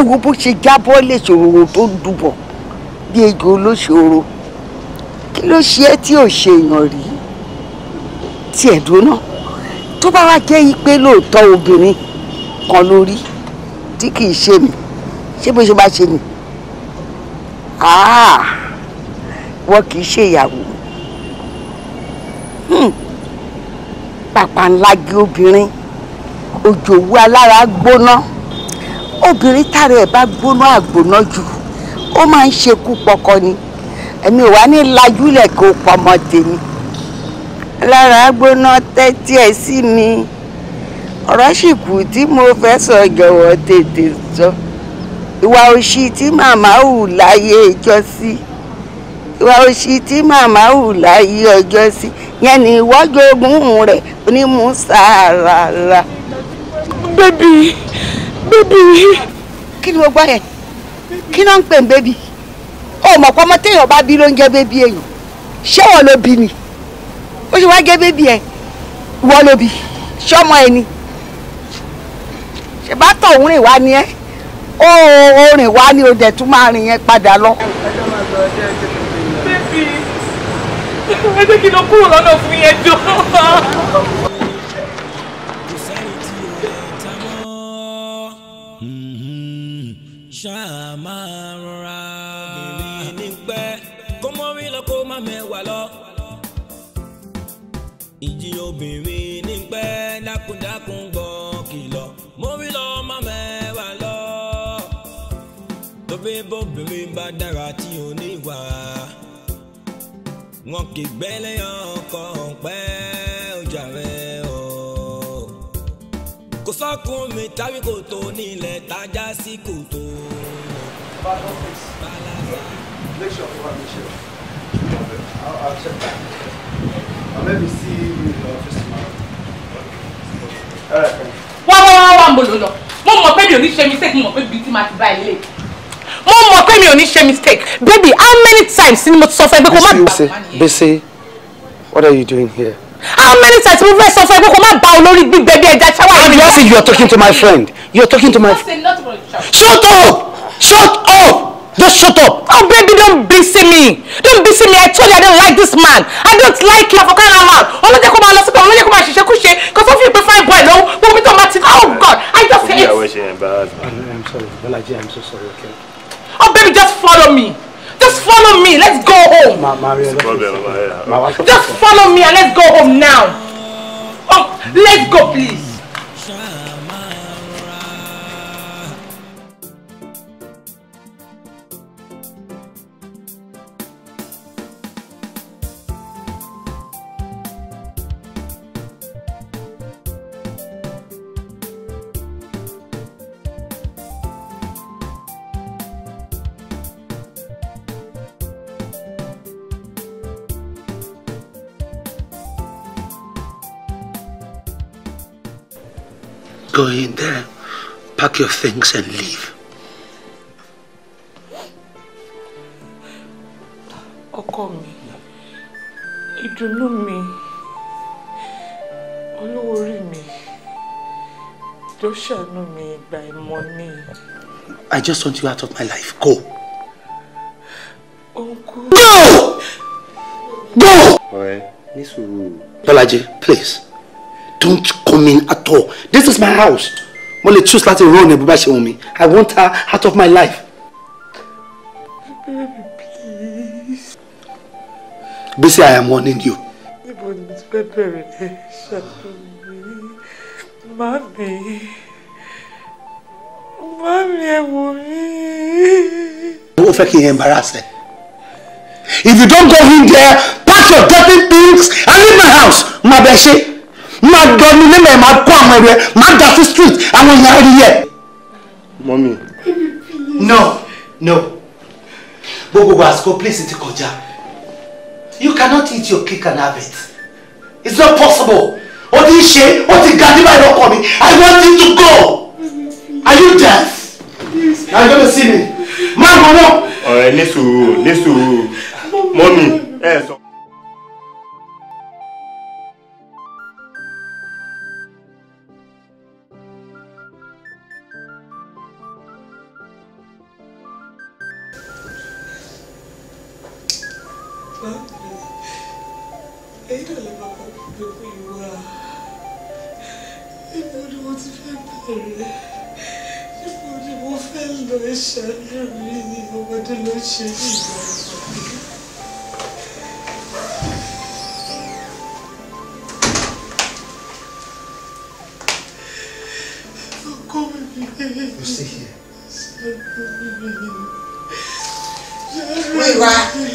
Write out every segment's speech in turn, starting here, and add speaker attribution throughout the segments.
Speaker 1: ẹ wo bó ṣe jábọ́ lè ṣòro tó ń dùbọ̀ bí ejò olóṣòro kí ló ṣe é tí ò ṣe èèyàn rí tiẹ̀ dúná tó bá wá jẹ́ ipe lóòótọ́ obìnrin kan lórí tí kì í ṣe mi ṣé bó ṣe bá ṣe mi wọ́n kì í ṣe ìyàwó pàpà ńlá gé obìnrin òjò owó alára gbóná. No? obìnrin tààrà ẹ̀ bá gbóná àgbóná jù ó máa ń ṣekú pọkọ ni èmi ò ní lajúlẹ̀ kó pọmọ tèmi lára gbóná tẹ́tí ẹ̀ sí mi ọ̀rọ̀ sì kù tí mo fẹ́ sọ jọ̀wọ́ tètè sọ ìwà òṣì tí màmá hù láyé ẹjọ́ sí ìwà òṣì tí màmá hù láyé ọjọ́ sí yẹn ni ìwọ́jọ́ ogun rẹ̀ onímùsàárà. bébì bébì kí ni mo gbọ́ yẹn kí ló ń pè ń bébì ó mọ̀ pé ọmọ téèyàn bá bí ló ń jẹ́ bébì èèyàn ṣé wọ́n ló bí ni ó ṣe wáá jẹ́ bébì ẹ̀ wọ́n ló bí ṣé ọmọ ẹ ni ṣèbá tó òun rìn wá ni o ó rìn wá ni ó dẹ̀ tún máa rìn yẹn padà lọ.
Speaker 2: bébì ẹ jẹ́ kí n lọ kúrò lọ́nà fún yẹn jọ. dákúndákún gbọ́ kìlọ̀ mo rí lọ má mẹ́wà lọ. lóbi bóbìnrin bá dára tí ò ní wà wọn kì í gbẹ́lẹ́ ọkọ̀ pẹ́ ọjà rẹ̀ o. kò sọ́kùn mi tàbí kòtò nílẹ̀ tájà sí kòtò. back office make sure for am make
Speaker 3: sure. I'll, I'll check back. I'll let me see you in the office wá
Speaker 4: wá wá wá mo lò lọ mo mọ̀ pé mi ò ní ṣe mistake mo mọ̀ pé bíi tí màá ti bá ilé
Speaker 5: mo mọ̀ pé mi ò ní ṣe mistake baby how many times ni mo ti sọ fún ẹ pé kó má gbà wá what are you doing here.
Speaker 6: how many times mo
Speaker 5: fẹ́ sọ fún ẹ pé kó má bá olórí gbígbẹ́ bí ẹja ṣáwá rẹ̀. obviously you are talking to my friend you are talking to my. shut up shut up. Just shut up. Oh, baby, don't busy me.
Speaker 4: Don't busy me. I told you I don't like this man. I don't like him for crying out loud. Ọmọ jẹ́ kó máa lọ síbẹ̀, ọmọ jẹ́ kó máa
Speaker 5: ṣiṣẹ́ kú ṣe. Kò sọ fún mi pé fine boy No, Gbogbo mi tó máa oh God, I just hate.
Speaker 7: I'm
Speaker 5: sorry, Bọ́lájí, I'm so sorry, okay? Oh baby, just follow me. Just follow me. Let's go home. Ma Maria, let's problem, Maria. Ma just follow me and let's go home now. Oh, let's go please. Go in there, pack your things and leave. Ọkọ mi, ìdùnnú mi, olówó orí mi, tó ṣàánú mi ìgbà ìmọ̀ ni. I just want you out of my life. Go. Uncle. Go! Go! Ọ̀rẹ́, ní sùúrù. please, don't me at all this is my house mo lè choose láti run ẹ̀ bó bá ṣe i want her out of my life. baby please. Bisi i am warning you. níbo ni mo ti fẹ́ bẹ̀rẹ̀ ẹ
Speaker 3: ṣàtúnmí mami mami ẹ wò mí. ó fẹ́ kí embarrass
Speaker 5: if you don't go in there pack your dirty things and leave my house Ma bẹ máa dọ mi nílẹ̀ máa kó àwọn ẹrù ẹ máa dà sí street àwọn èèyàn rí yẹ. mọ́mí. no no gbogbo àsìkò place ti kọjá you cannot eat your cake and have it it's not possible o ti ṣe o ti ga nígbà ìlọkọ mi i want you to go are you deaf na you go see me máa mọ̀ náà. ọ̀rẹ́
Speaker 7: ní sùúrù ní sùúrù
Speaker 1: mọ́mí ẹ sọ.
Speaker 3: ló ń ṣàánú mi
Speaker 1: ni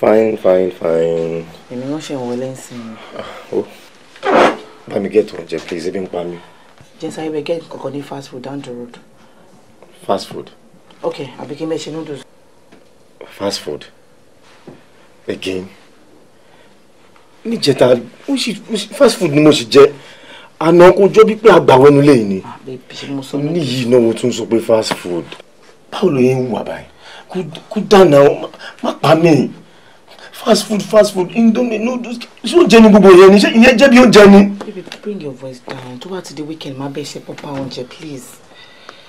Speaker 7: fine fine fine.
Speaker 5: èmi náà ṣe ìwọlé ń sìn ní.
Speaker 7: ó bá mi please ebi ń pa mí.
Speaker 5: jẹ́ sáré bẹ́ẹ̀ gẹ́tù ní fast food down the road. fast food. Okay, àbí kí n bẹ́ẹ̀ ṣe noodles.
Speaker 7: fast food again níjẹta fast food ni mo ṣì jẹ àná kò jọ bí pé àgbàwọ́ nílé yìí ah, ni níyì náà mo tún sọ pé fast food báwo ló yẹ ń wà báyìí kú dáná má pa mí fast food fast food indomie noodles ṣé o jẹ ni gbogbo yẹn ni ṣé ìyẹn jẹ́ bí o jẹ ni. baby
Speaker 5: bring your voice down tó bá ti di weekend má bẹ́ẹ̀ ṣe pọ́pá oúnjẹ please.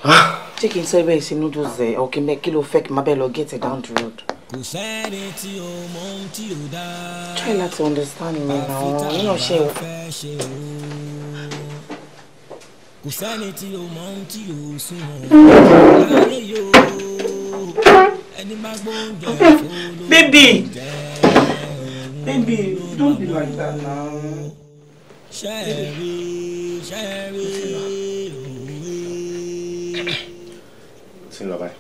Speaker 5: Ah. ṣé kí n sọ ẹgbẹ́ ìṣe noodles ẹ̀ ọ̀kẹ́ mẹ́ kí ló fẹ́ kí n má bẹ́ẹ̀ lọ get it down the road. kò sẹ́ni tí o mọ ohun tí
Speaker 2: o dá. try láti understand me na ọ̀rọ̀ nínú ṣe o. kò sẹ́ni tí o mọ ohun tí o sún mọ́ Baby. Baby, don't be like
Speaker 5: that now. Ṣẹ́ẹ̀rí, ṣẹ́ẹ̀rí, òwe. Ṣé lọ báyìí?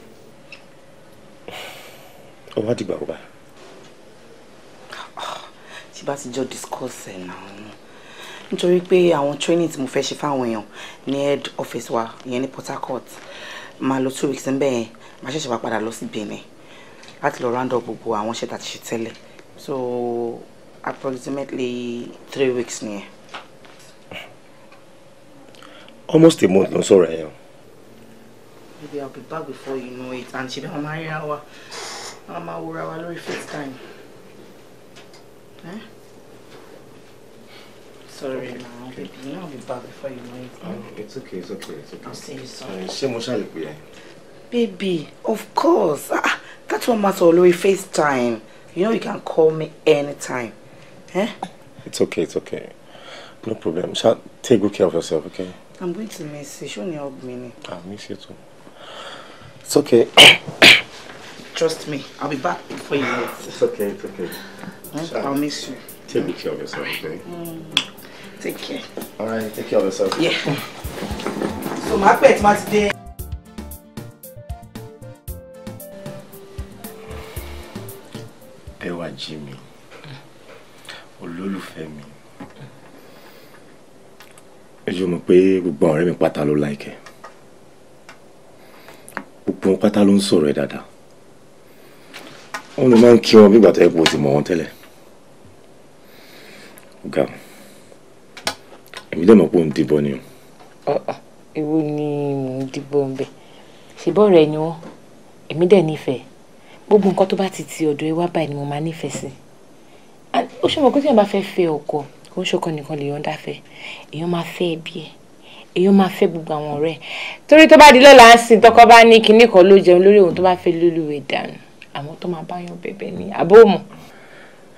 Speaker 5: Ó wá dìgbà ó báyìí. Tí bá ti jọ discuss ẹ̀ náà nítorí pé àwọn training tí mo fẹ́ ṣe fáwọn èèyàn ní head office wa ìyẹn ní Port Harcourt máa lọ two weeks ń bẹ̀yẹn máa ṣẹ̀ṣẹ̀ wá padà lọ sí Benin láti lọ round up gbogbo àwọn iṣẹ́ tá a ti ṣe tẹ́lẹ̀ so approximately three weeks near.
Speaker 7: almost a month ló ń sọ̀rọ̀
Speaker 5: maybe i'll be back before you know it and she don't wọn máa ń ríra wa wọn máa wúra wa lórí facetime. Eh? Sorry, okay. baby. I'll be back before you know it. Oh, it's okay, it's okay, it's okay. I'll see you soon. Ṣé Baby, of course. Ah, ah that's what matter lórí FaceTime. You know you can call me anytime. Eh?
Speaker 7: It's okay, it's okay. No problem. Sha, take good care of yourself, okay?
Speaker 5: I'm going to miss you. Show me your meaning.
Speaker 7: I miss you too. It's okay.
Speaker 5: Trust me. I'll be back before you leave. It's okay, it's okay. Mm? I'll miss you. Take good care of yourself, okay? Mm. Take care.
Speaker 7: Alright, take care of yourself. Yeah.
Speaker 5: so, my pet must be.
Speaker 7: Bẹ́wàjí mi olólùfẹ́ mi ẹjọ́ mọ̀ pé gbogbo àwọn ọ̀rẹ́ mi pátá ló láìkẹ́ gbogbo wọn pátá ló ń sọ̀rọ̀ ẹ dáadáa wọn ló máa ń kí wọn bí ìgbà tó yẹ kó o ti mọ̀ wọn tẹ́lẹ̀ ọ̀gá èmi dẹ̀ mọ̀ pé òun dìbọn ni o.
Speaker 4: èwo ni mò ń dìbọn bẹ́ẹ̀ ṣèbọ̀ rẹ̀ ni wọ́n èmi dẹ̀ nífẹ̀ẹ́ gbogbo nǹkan tó bá ti ti ọ̀dọ̀ ẹ wá báyìí ni mo máa nífẹ̀ẹ́ sí ó ṣe mọ̀ pé tí èèyàn bá fẹ́ fẹ́ ọkọ kò ń ṣọkọ nìkan lèèyàn dá fẹ́ èèyàn máa fẹ́ ẹbí ẹ èèyàn máa fẹ́ gbogbo àwọn ọ̀rẹ́ torí tó bá di lọ́la ń sin tọkọ bá ní kinní kan ló jẹun lórí òun tó bá fẹ́ lólùwẹ̀ dànù àwọn tó máa báyọ̀ bẹ̀bẹ̀ ni
Speaker 7: àbó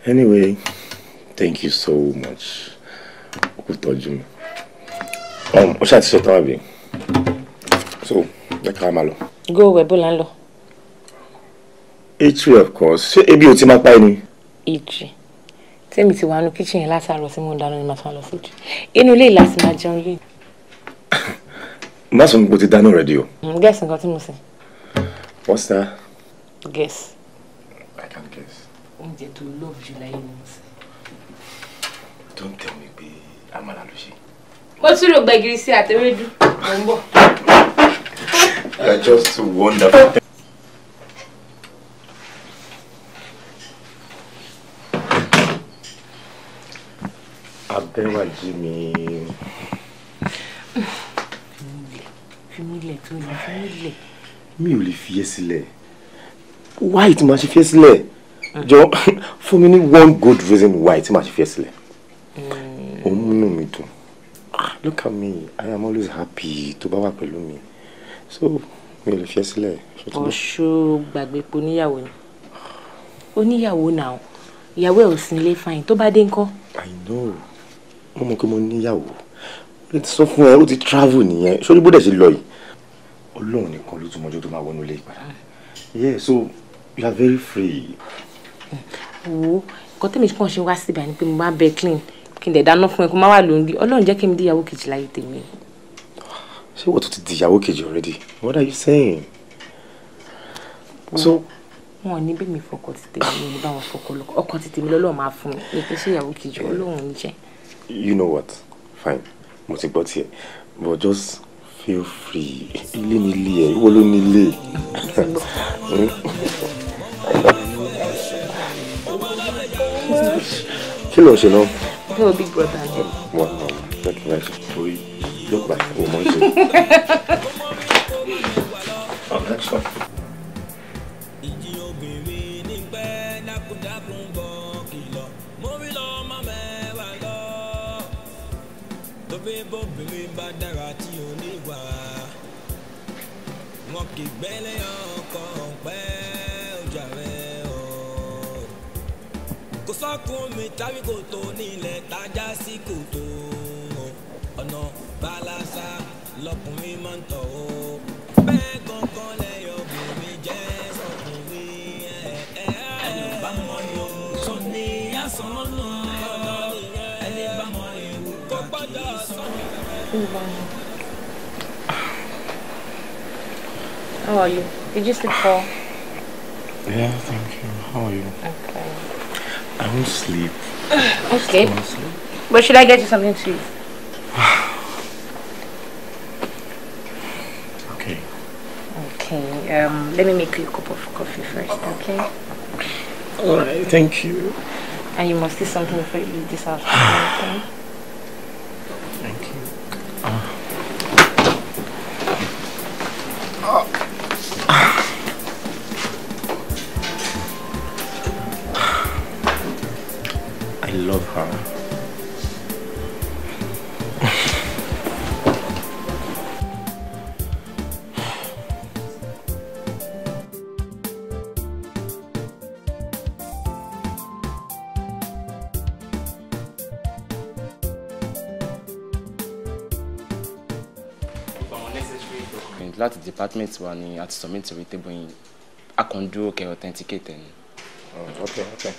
Speaker 7: anyway thank you so much kò tọ́jú mi um, ó ṣàtúnṣe tán àbí so jẹ́ ká máa lọ.
Speaker 4: go wẹ̀ bó la ń lọ.
Speaker 7: Itri of course. Ṣé ebi ò ti máa pa ẹ ni? Itri.
Speaker 4: Tẹ́mi ti wà nínú kíchìn yẹn látàárọ̀ tí mò ń dáná ni màá tún lọ sí ìtri. Inú ilé ìlà sì máa jẹun lé.
Speaker 7: Má sọ mi pé o ti dáná rẹ̀ di o.
Speaker 4: Hmm, guess nǹkan tí mo sè. What's that? Guess. I can guess. Oúnjẹ tó love jù láyé ni mo sè. Don't tell me pé àmàlà ló ṣe. Mo tún rò gbẹ̀gìrì sí àtẹ̀wédú. Mo ń bọ̀. You
Speaker 8: are just
Speaker 7: too wonderful. tẹ́wà jí mi.
Speaker 4: fi mí lẹ̀ tó lè fi
Speaker 7: mi ò lè fi ẹ́ why tí màá ṣe fi ẹ́ sílẹ̀ jọ fún mi one good reason why tí màá ṣe fi ẹ́ sílẹ̀ eh. òun mi dùn ah, look at me i am always happy To bá wà pẹ̀lú mi so mi ò lè fi ẹ́ sílẹ̀.
Speaker 4: ọ̀ṣọ́ gbàgbé pé oníyàwó ni oníyàwó náà ìyàwó ẹ̀ ò sí ilé fáyìn tó bá i
Speaker 7: know mo mọ̀ pé mo níyàwó ó ti sọ fún ẹ ó ti travel nìyẹn sórí bó ṣe lọ yìí ọlọ́run nìkan ló tún mọjú tó máa wọnú ilé ìpadà yeah so you are very free.
Speaker 4: wo nǹkan tẹ́mi kàn ṣe wá síbẹ̀ ni pé mo máa bẹ clean kí n dẹ̀ dáná fún ẹ kó má wà lóńgbé ọlọ́run jẹ́ kí n di ìyàwó kejì láyé tèmi.
Speaker 7: ṣé wọ́n tún ti di ìyàwó kejì already what are you saying.
Speaker 4: so wọn ní bí mi fọkọ ti tèmi ní bá wọn fọkọ lọkọ ọkọ ti tèmi lọ́lọ́run máa fún mi ní kí ìyàwó kejì ọlọ́run jẹ́
Speaker 7: you know what fine mo ti gbọ́ tiẹ̀ but just feel free ilé ni ilé ẹ̀ ìwọ ló ní ilé. kí ló ń ṣe náà.
Speaker 4: hello big brother.
Speaker 7: wà á jẹ́ kí n láì ṣe torí yóò gbà kó o mọ̀ ṣe. Oh,
Speaker 2: next one. ìgbẹ́lẹ̀ ọkọ̀ pẹ́ ọjà rẹ̀ ọ̀. kò sọ́kùn mi tàbí kòtò nílẹ̀ tájà sí kòtò ọ̀nà balasa lọkùnrin máa ń tọ̀ o. bẹ́ẹ̀ kankan lẹ́yọ̀ bùnmi jẹ́ sọkùnrin ẹni bá mọ ewu tó ní asán náà ẹni bá mọ ewu kò gbọ́dọ̀ sọ. How
Speaker 4: are you? Did you sleep well?
Speaker 7: Yeah, thank you. How are you? Okay. I won't sleep.
Speaker 4: okay. Won't sleep. But should I get you something to eat?
Speaker 7: okay.
Speaker 4: Okay. Um, let me make you a cup of coffee first, okay?
Speaker 7: Alright, thank
Speaker 3: you.
Speaker 4: And you must eat something before you leave this house, okay?
Speaker 5: department wa ni a ti submit ìwé table yìí a kàn dúró authenticate ni. Oh, okay okay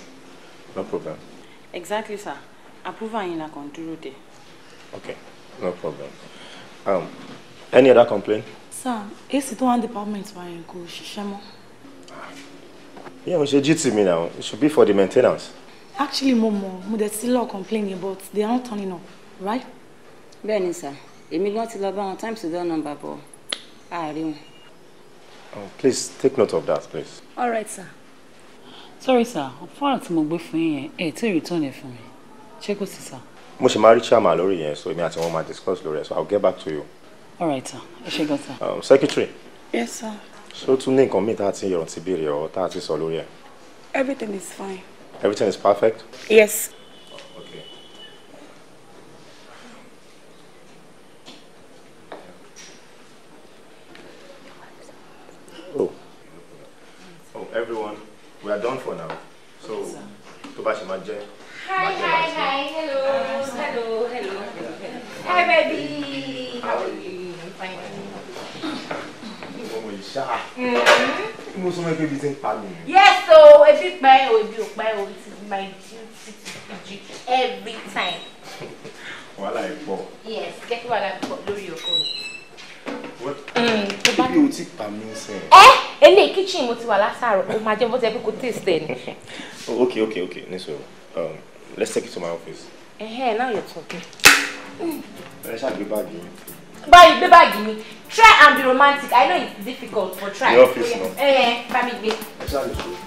Speaker 5: no problem.
Speaker 4: exactly sir approval yín la kàn de.
Speaker 5: okay
Speaker 7: no problem um, any other complaint.
Speaker 4: sir èsì tó wà ní department wa
Speaker 6: yẹn kò ṣiṣẹ́ mọ́.
Speaker 7: yẹ́n o ṣe gt mi now it should be for the maintenance.
Speaker 6: actually mo mọ mo dẹ̀ ti lọ complain but they are not turning up right.
Speaker 4: bẹ́ẹ̀ sir èmi gan ti lọ bá wọn time to door number four àárín ah,
Speaker 7: Oh, please take note of that, please.
Speaker 4: All right, sir. Sorry, sir. I'm far too gbé for you. Hey, ẹ̀ tí ì return ẹ̀ fún mi. Ṣé kò sí, sir?
Speaker 7: Mo ṣe máa rí chairman lórí yẹn, so èmi àti wọn máa discuss lórí so I'll get back to you.
Speaker 4: All right, sir. Ẹ ṣe sir.
Speaker 7: Um, secretary. Yes, sir. So o tún ní nǹkan míì tá a ti yọ̀rọ̀ ti béèrè ọ̀ tá
Speaker 6: Everything is fine.
Speaker 7: Everything is perfect? Yes.
Speaker 4: ó máa jẹ́ bó ti ẹ pé kò taste
Speaker 7: oh, okay okay okay niso um, let's take it to my office.
Speaker 4: ẹhẹ́n now you're talking.
Speaker 7: ẹ ṣàgbé báàgì mi.
Speaker 4: báyìí gbé báàgì mi try and be romantic i know it's difficult but try. the office náà. ẹ ẹ bá mi gbé. ẹ ṣàgbé.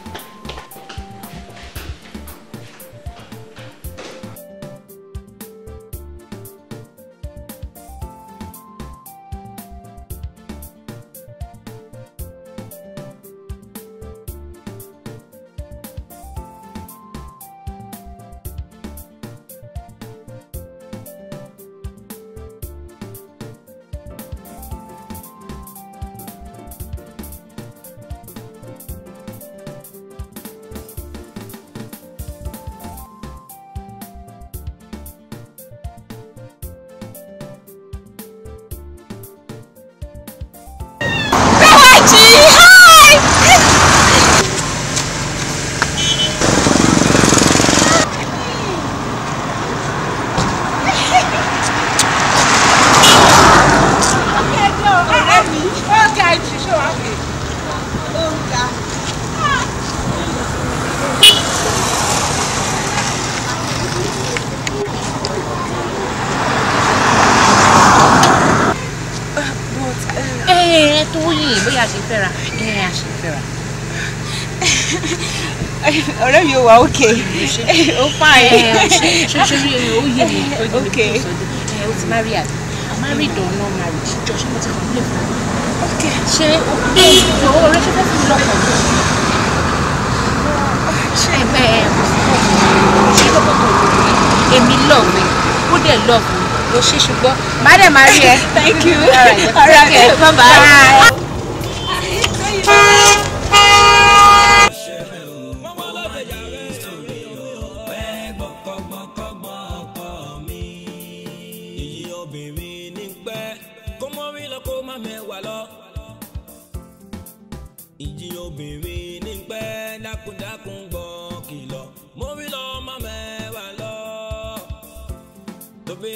Speaker 4: ọ̀rẹ́ mi ò wá òkè ó fine. ṣoṣo rí ẹni ó yé mi ó yé mi kí n sọ de ó ti marry at married or not married jọ ṣé mo ti kàn lè fún mi. ṣé o bí ìjọ ọ̀rẹ́ ṣe fẹ́ fún mi lọ́kàn mi. ṣé ẹgbẹ́ ẹ kò sí ọ̀gbìn ṣé lọ́kọ̀ tó lò mí èmi lọ́ọ̀mí ó dẹ̀ lọ́ọ̀mí ló ṣe ṣùgbọ́n má dẹ̀ má rí ẹ. thank you all right, all right. Okay, bye.
Speaker 3: bye.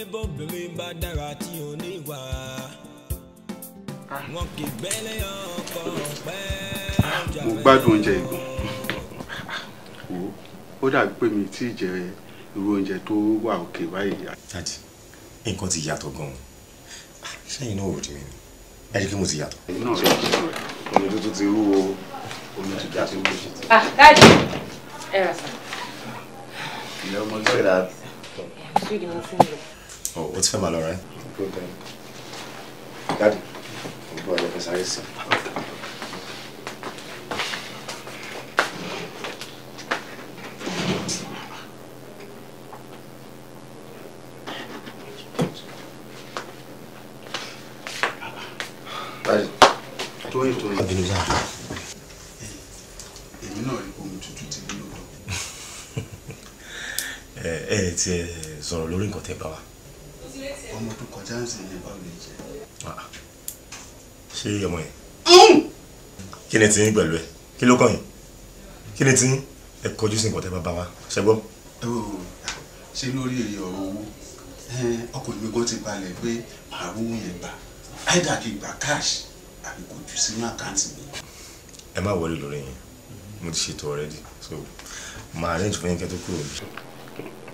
Speaker 2: bóbìnrin bá dára tí ò ní wà ah. wọn kì í gbẹ́lẹ́ ọkọ̀ pẹ́ ọjà
Speaker 8: mo gbádùn oúnjẹ ìgbọ̀n wo ó dàbí pé mi tí ì jẹ irú oúnjẹ tó wà òkè báyìí. dadi nǹkan ti yàtọ̀ gan-an
Speaker 7: ah, sẹ́yìn náà ò mi ni ẹ rí kí mo ti yàtọ̀.
Speaker 8: ẹ̀yin náà rẹ̀ omi tó
Speaker 7: ti rú o omi tó dà omi tó ti. Ah,
Speaker 4: ẹ rà sá.
Speaker 8: ìyá ọmọ ìfẹ́ rà.
Speaker 4: ṣé ìdí mo fún mi lọ.
Speaker 7: Oh, o ti fẹ́ máa lọ rẹ. dáàdì ọgbọ́n ẹ̀ fẹ́ sáré sí.
Speaker 8: tóyìn tóyìn. àbínú sáà. èmi You rí omi tútù ti bí lóòótọ́.
Speaker 7: Eh, ẹ tiẹ̀ sọ̀rọ̀ lórí nǹkan tẹ́ bá wa
Speaker 8: ọmọ tó kọjá ń sìn ní ọ̀lẹ̀ jẹ.
Speaker 7: Ah, ṣé ọmọ yẹn mm! kí ni ti ń pẹ̀lú ẹ kí ló kàn yín kí ni ti ń ẹ kọjú sí nǹkan tẹ́ bá bá wa ṣe
Speaker 8: gbọ́. ṣé lórí èyí ọ̀rọ̀ owó ọkùnrin gbogbo ti balẹ̀ pé màá yẹn gbà áìdà kì í gba cash àbí kò jù sínú àkáǹtì mi.
Speaker 7: ẹ má wọlé lórí yẹn mo ti ṣètò already so màá arrange fún yín kẹ́ tó
Speaker 8: kúrò.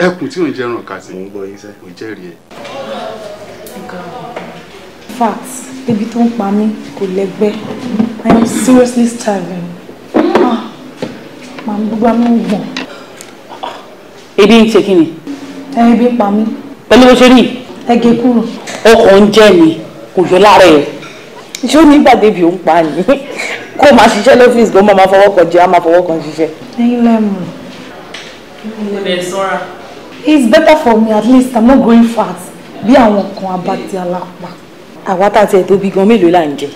Speaker 8: ẹkùn tí ò ń jẹ́ ràn kàtì. mo ń gbọ́ yín sẹ́. mo jẹ́rìí ẹ
Speaker 6: fact ebi tó ń pa mí kò lẹ́gbẹ́ I am seriously starving ah màá gbogbo àmì ń gbọ̀n. ebi ń ṣe kí ni. ẹ ebi ń pa mí. pẹ̀lú bó ṣe rí. ẹ gé kúrò. ọkọ̀ ń jẹ́ mi kò yọ lára ẹ̀ ṣé ó ní ìgbàdé bí ó ń pa ni kó máa ṣiṣẹ́ lọ́fíìsì kó máa fọwọ́ kan jẹ á máa fọwọ́ kan ṣiṣẹ́. ẹyin lẹ́mu. it's better for me at least i'm not going fast. bí àwọn kan abá ti alápá àwa tá a tiẹ̀ tóbi gan mélòó là ń jẹ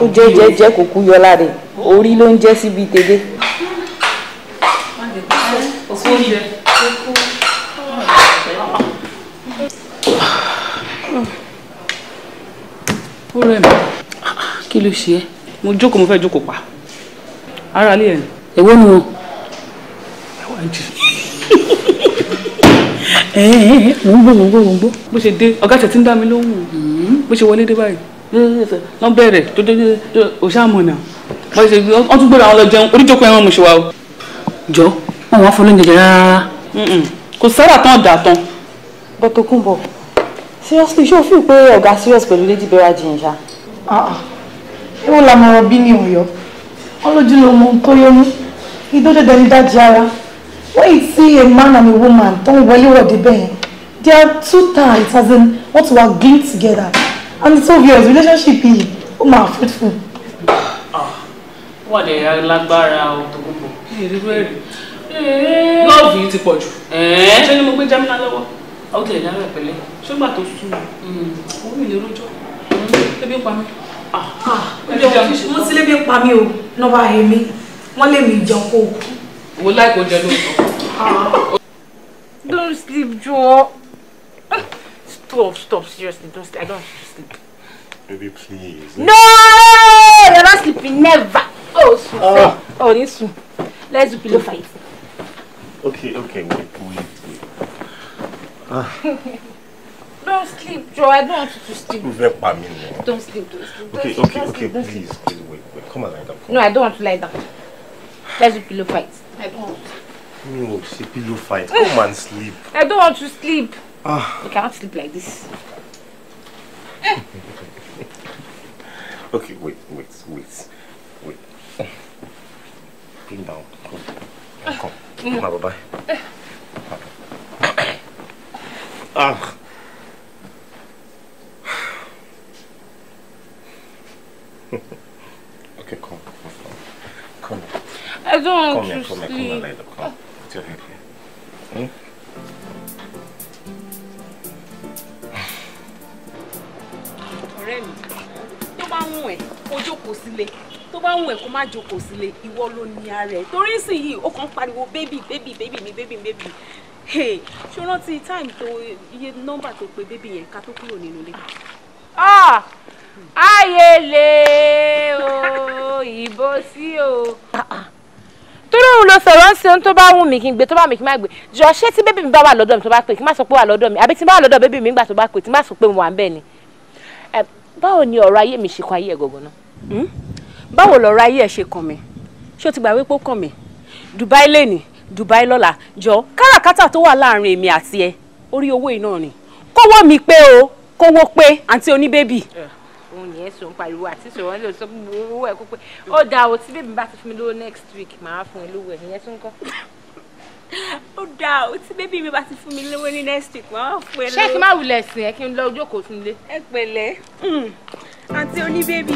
Speaker 6: ó jẹ́ jẹ́ jẹ́ kò kú yọ láre orí ló ń jẹ́ síbi tèdè. ó
Speaker 4: rẹ̀ mí kí ló ṣe é mo jókòó mo fẹ́ jókòó pa ara lè rìn. èwo ni wọn.
Speaker 8: ẹ ẹ mò ń gbọ́ mò ń gbọ́ mò ń gbọ́. bó ṣe
Speaker 4: dé ọ̀gá tẹ̀ tí ń dá mi lóhùn hmm. bó ṣe wọlé dé báyìí wọ́n bẹ̀rẹ̀ tó dé òṣàmùnà wọ́n ṣe wọ́n tún gbọ́dọ̀ àwọn lọ jẹun oríjókòó ẹran mọ̀ṣẹ́ wa o. jọ
Speaker 6: wọn wàá fọlọ́ níjẹ rárá. kò sára tán dà tán. Dr. Kumbo seriously ṣé o fi pé ọ̀gá serious pẹ̀lú lady bera jìn ṣá. Ah, ah. ewu làmọ̀ràn bí ni ọ̀yọ́ wọn lójú ló mọ ohun tó yẹnu ìdódé dẹni dájú ara when you see a man and a woman don't worry what they bẹ́ẹ̀ they are too tight as in what we are glued together and it's obvious relationship yìí ó máa fruitful. Ah,
Speaker 4: wà á lè lágbára òtòkùnbó lọ́ọ̀fù yìí ti pọ̀ jù eh. ṣé ni mo gbé jámínà lọ́wọ́ ó tilẹ̀ dára pẹ̀lẹ́ ṣọ́gbà tó sùn owó mi lè rọjọ́ ebi ń pa mí. wọ́n ah. ah, ti lébi
Speaker 6: ń pa mí o nọ́ba èmi wọ́n lè mi jẹun kó o kú. Wo láì kó jẹ
Speaker 4: Don't sleep, Joe. Stop, stop, seriously, don't sleep. I don't want to sleep.
Speaker 3: Baby, please. No!
Speaker 4: You're not sleeping, never. Oh, soon. Uh. Ah. Oh, this soon. Let's do pillow fight.
Speaker 7: Okay, okay, wait, wait, wait. Ah.
Speaker 4: don't sleep, Joe. I don't want you to sleep. Don't
Speaker 7: sleep,
Speaker 4: don't sleep. Don't okay, sleep, okay, don't okay, sleep,
Speaker 7: please, please, wait, wait. Come and lie down.
Speaker 4: Come no, I don't want to lie down. Let's do pillow fight. I don't.
Speaker 7: No, it's a pillow fight. Come and sleep.
Speaker 4: I don't want to sleep. Ah. You cannot sleep like this.
Speaker 7: okay, wait, wait, wait, wait. Pin down. Come. Come. Mm. Come, bye bye. Eh. ah. I don't want to Come here, come here, come Come.
Speaker 2: Put your head here. Hmm?
Speaker 4: ọ̀rẹ́ mi tó bá ń wẹ̀ kó jókòó sílé tó bá ń wẹ̀ kó má jókòó sílé ìwọ ló ní ara ẹ̀ torí sì yìí ó kàn pariwo bébì bébì bébì mi bébì bébì ṣó rántí táìmù tó iye nọ́mbà tó pe bébì yẹn ká tó kúrò nínú ilé. Ah! ayé lè o ìbò sí o. Ah, ah torí òun ló sọ̀rọ̀ ń sin tó bá wù mí kí n gbé tó bá wù mí kí n má gbé jọ ṣé tí bébì mi bá wà lọ́dọ̀ mi tó bá pè kí n má sọ pé wà lọ́dọ̀ mi àbí tí n bá wà lọ́dọ̀ bébì mi nígbà tó bá pè tí n má sọ pé mo wà ń bẹ̀ ni. báwo ni ọ̀rọ̀ ayé mi ṣe kọ ayé ẹ̀ gọ̀gàn náà. Hmm? báwo lọ̀rọ̀ ayé ẹ̀ ṣe kàn mí ṣé o ti gbà wípé ó kàn mí Dubai lẹ́ni Dubai lọ́la jọ káràkátà tó wà láàrin èmi àti ẹ orí owó iná ni kówó mi pé o kówó pé àǹtí oníbébì eh òun yẹn sọ ń pariwo àti sọ̀rọ̀ ńlò sọ owó ẹ̀ kó pé ó da o tí bèbí bá ti fún mi lówó next week màá fún ẹ lówó ẹ̀ ìyẹn tún kọ́. ó da o tí bèbí mi bá ti fún mi lówó ní next week màá fún ẹ lówó. ṣé kí n má wulẹ̀ sìn ẹ́ kí n lọ ojókòó tún ẹ pẹ̀lẹ́ hmm. àǹtí oníbèbí.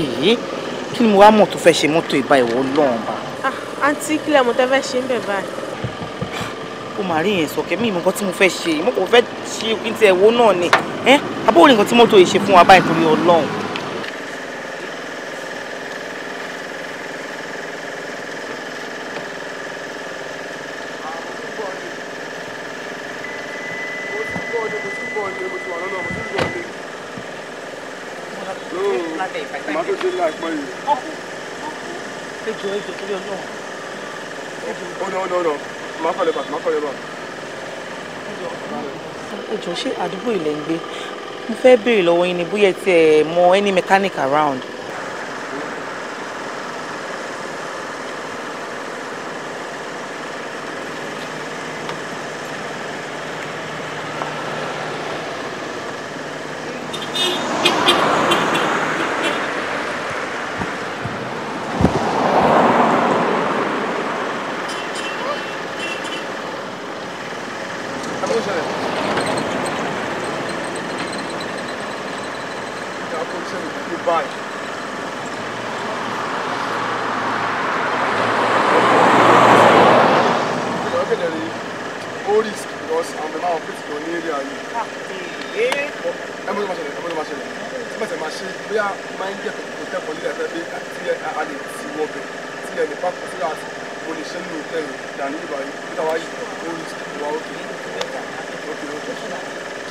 Speaker 5: èyí kí ni mo wá mọ̀ tó fẹ́ ṣe mọ́tò ìbá ìwọ ọlọ́run bá. àǹtí ah, kílẹ̀ mo tẹ́ fẹ́ ṣe ń bẹ̀ báyìí. ó máa rí yẹn sọ kẹ́mi ìmọ̀ nǹkan tí mo fẹ́ ṣe ìmọ̀ kò fẹ́ ṣe kí n ti ẹ̀wọ́ náà ni ẹ́ abóòrè nǹkan tí mọ́tò yìí ṣe fún wa báyìí torí ọlọ́run. ṣé àdúgbò ilẹ̀ ń gbé mo fẹ́ béèrè lọ́wọ́ yín ni bóyá ẹ tiẹ̀ mọ any mechanic around.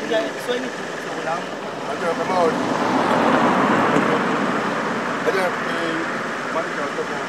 Speaker 5: ya sueño volando. Ayo, vamos. Ayo,
Speaker 3: mari kita tunggu.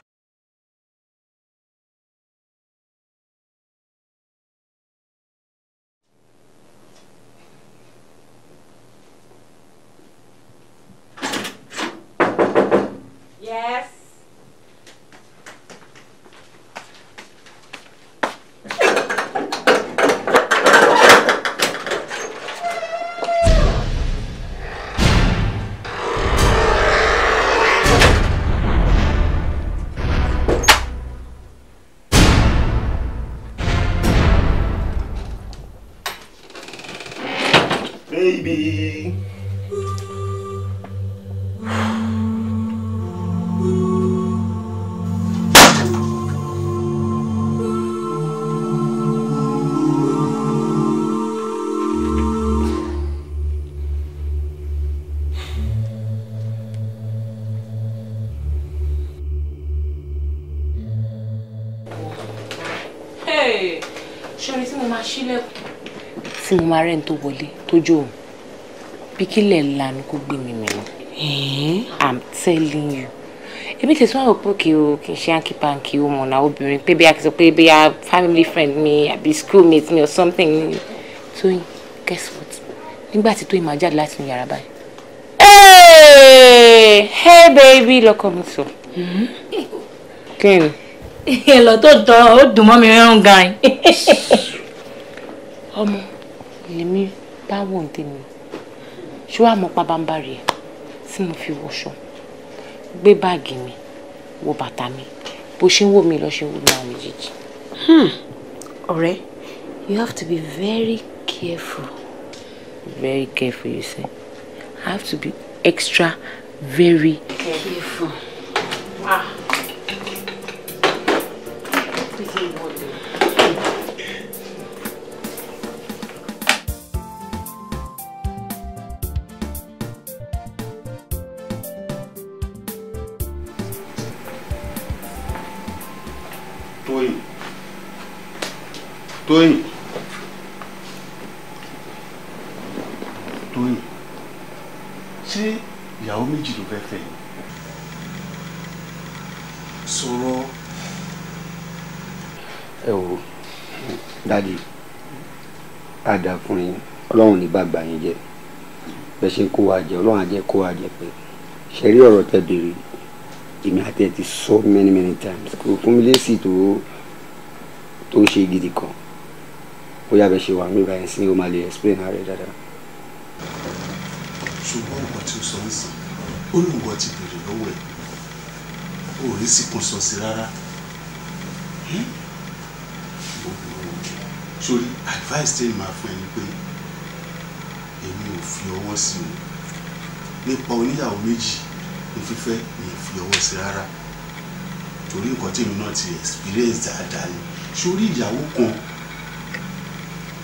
Speaker 4: máa rẹ́ni tó wọlé tó jó òun bí kílẹ̀ lanu kó gbé mi
Speaker 3: mìíràn.
Speaker 4: i'm telling you èmi tẹ̀sí wọn pé kí o kì í ṣe ànkípàǹkì o mọ̀nà obìnrin pé bí a kì í sọ pé bí a family friend mi àbí schoolmate mi or something Tóyìn guess what nígbà tí Tóyìn máa jáde láti inú yàrá báyìí. hey baby lọkọ mi sọ. Mm-hmm. kí ni. ẹ lọ tó dán ó dùn mọ́ mi rẹ́rùn gan-an. dáwọ̀ ntẹ̀mí ṣé wàá mọ pabambarì ẹ̀ tí mo fi wọṣọ gbé báàgì mi wọ bàtà mi bó ṣe ń wò mí lọ ṣe wò mí àwọn méjèèjì. Hmm. ọ̀rẹ́ you have to be very careful. very careful you say I have to be extra very
Speaker 8: careful. Ah. Tóyìn Tóyìn ṣé ìyàwó méjì ló fẹ́ fẹ́ yìí sọ̀rọ̀ ẹ wò dádì àdàkùnrin ọlọ́run ní bàgbà yín jẹ bẹ́ẹ̀ ṣe ń kó wa jẹ ọlọ́run á jẹ́ kó wa jẹ pé ṣe rí ọ̀rọ̀ tẹ béèrè èmi àti ẹ ti sọ many many times kò fún mi lésì tó tó ṣe gidi kan bóyá bẹ ṣe wà ń gbéra ẹ̀sìn o máa lè explain ààrẹ dáadáa. ṣùgbọ́n nǹkan tí o sọ ń sìn ó ní nǹkan ti bèrè lọ́wọ́ ẹ̀ ó rí síkùn sọ sí rárá hmm? sórí advice tí màá fún ẹ ni pé èmi ò fi ọwọ́ sí o nípa oníyàwó méjì ní fífẹ́ mi ò fi ọwọ́ sí rárá torí nǹkan tí èmi náà ti experience dáadáa ni sórí ìyàwó kan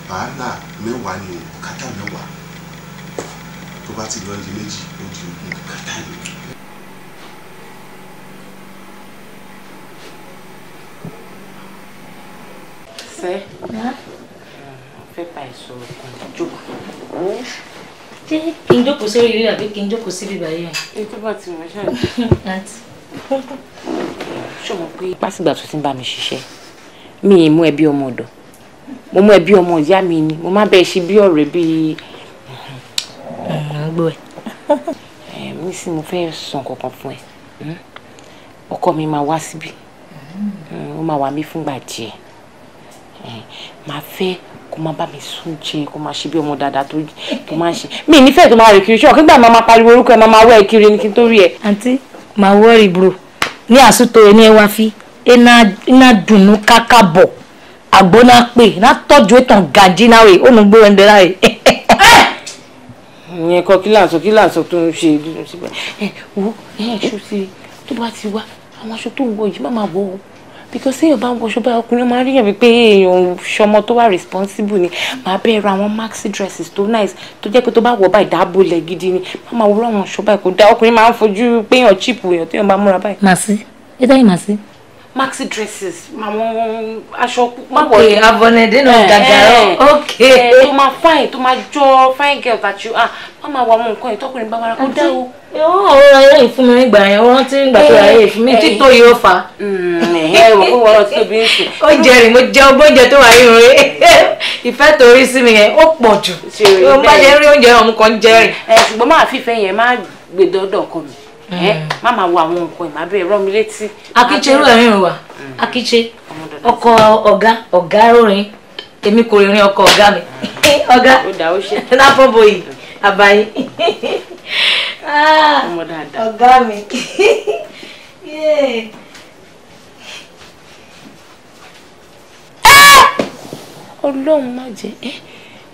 Speaker 8: wàhálà mẹ́wàá ni o bùkátà mẹ́wàá tó bá ti lọ di méjì ó di ogún bùkátà ni.
Speaker 4: fẹ́ fẹ́ bá ìṣòro kan jókòó. ṣé kí n jókòó sórí ilé àbí kí n jókòó síbi báyìí? ètò bá ti rìn ṣáà. ṣọmọ pé. pásìgbà tó ti ń bá mi ṣiṣẹ́ mi ì mú ẹbí ọmọ ọ̀dọ̀ mo mú ẹ bí ọmọ ìyá mi ni mo má bẹ ṣe bí ọ̀rẹ́ bí. àgbọ̀ ẹ̀. mi sì mo fẹ́ sọ kankan fún ẹ hm? ọkọ mi máa wá síbi hm, ó máa wà mí fúngbà díẹ̀ máa fẹ́ kó máa bá mi sùn jẹ kó máa ṣe bí ọmọ dáadáa tó tó máa ṣe mi nífẹ̀ẹ́ tó máa rìn kiri ṣọ́ọ̀kì gbà máa máa pariwo orúkọ ẹ máa máa wẹ́ ẹ kiri ní kí n tó rí ẹ. àǹtí màá wọ́ọ̀rì bro ní
Speaker 6: àsùtò ẹni ẹ wá fi iná dùnú kákà bọ̀ agbona pe na
Speaker 4: tọ́jú etan gaji na we o nu gbo ende na we ìyẹn kọ kí láǹsọ kí láǹsọ tó ń ṣe ìdúró síbẹ̀ ẹ wo ẹ ṣó sí tó bá ti wá àwọn aṣọ tó ń wọ yìí má máa wọ o because èèyàn bá ń wọṣọ báyìí ọkùnrin máa ń ríyàn wípé èèyàn ṣọmọ tó wà responsible ni màá bẹ́ẹ̀ ra àwọn maxi dresses tó nice tó jẹ́ pé tó bá wọ̀ báyìí dábòlẹ̀ gidi ni má máa wúrọ̀ àwọn aṣọ báyìí kò dá ọkùnrin máa ń fojú pé èèyàn cheap èèyàn tó yàn bá múra báyìí. màsí ẹ dáhìn màsí maxi dresses àwọn aṣọ má wọ ok abọ́nẹ̀dé náà gàgàrọ̀ ok eh, tó máa fine tó máa jọ fine girl that you are má máa wọ àwọn nǹkan ìtọ́kùnrin bá wàrà kó dá o. Oh, ó rọra eré ìfúnmi nígbà yẹn ó rántí nígbà tó rà eré ìfúnmi eh, títò yóò fa. Mm, eh, ẹ wò ó wọlọ tí obìnrin sùn.
Speaker 6: ó jẹrìí mo jẹ oúnjẹ tó wà nínú rẹ ìfẹ́ torí sí mi yẹn ó pọ̀ jù. ṣe rè bẹ́ẹ̀ ó rí oúnjẹ ọ̀hún kan jẹ́rìí.
Speaker 4: ṣùgbọ́n máa fífẹ́ yẹn má gbèdọ́dọ̀ kan mi. Eh, eh. mama máa wo àwọn nǹkan be ẹ̀rọ mi létí. akíche irú ẹ̀rín
Speaker 6: ìwà Akiche. ọkọ ọ̀gá ọ̀gá rorin ọkọ ọ̀gá mi mm. ọ̀gá lápọ̀bọ̀ yìí àbáyé ah, ọ̀gá mi.
Speaker 4: ọlọ́run má jẹ́ eh.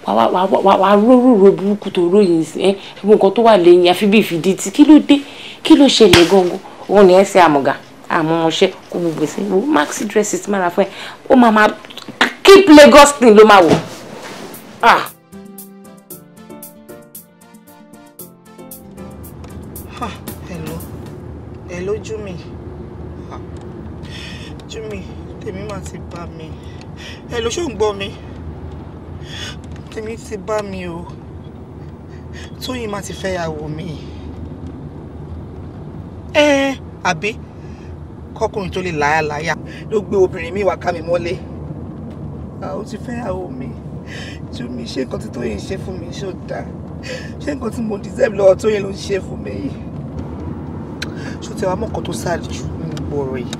Speaker 4: wà wà burúkú tó ròyìn sí ẹ nǹkan tó wà lẹ́yìn àfi bí ìfìdí tí kí ló dé kí ló ṣẹlẹ̀ gangan òun ni ẹ ṣe àmọ̀gà àmọ̀ọ́ṣẹ́ kó gbogbo sí wo maxi dresses mára fún ẹ ó máa máa keep Lagos clean
Speaker 5: ló máa wò. Ah. ló Júmi Júmi tèmi mà ti bá mi ẹ ṣó ń gbọ́ mi tèmi ti bá mi o tóyìn má ti fẹ́yàwó mi ẹ àbí kọkùnrin tó lè láyàláyà ló gbé obìnrin mi wá ká mi mọ́lé ó ti fẹ́yàwó mi tí mi ṣe nǹkan tí tóyìn ṣe fún mi ṣó dáa ṣé nǹkan tí mo deserve lọ́wọ́ tóyìn ló ń ṣe fún mi yìí ṣó tó sáà jù nínú gbòòrò yìí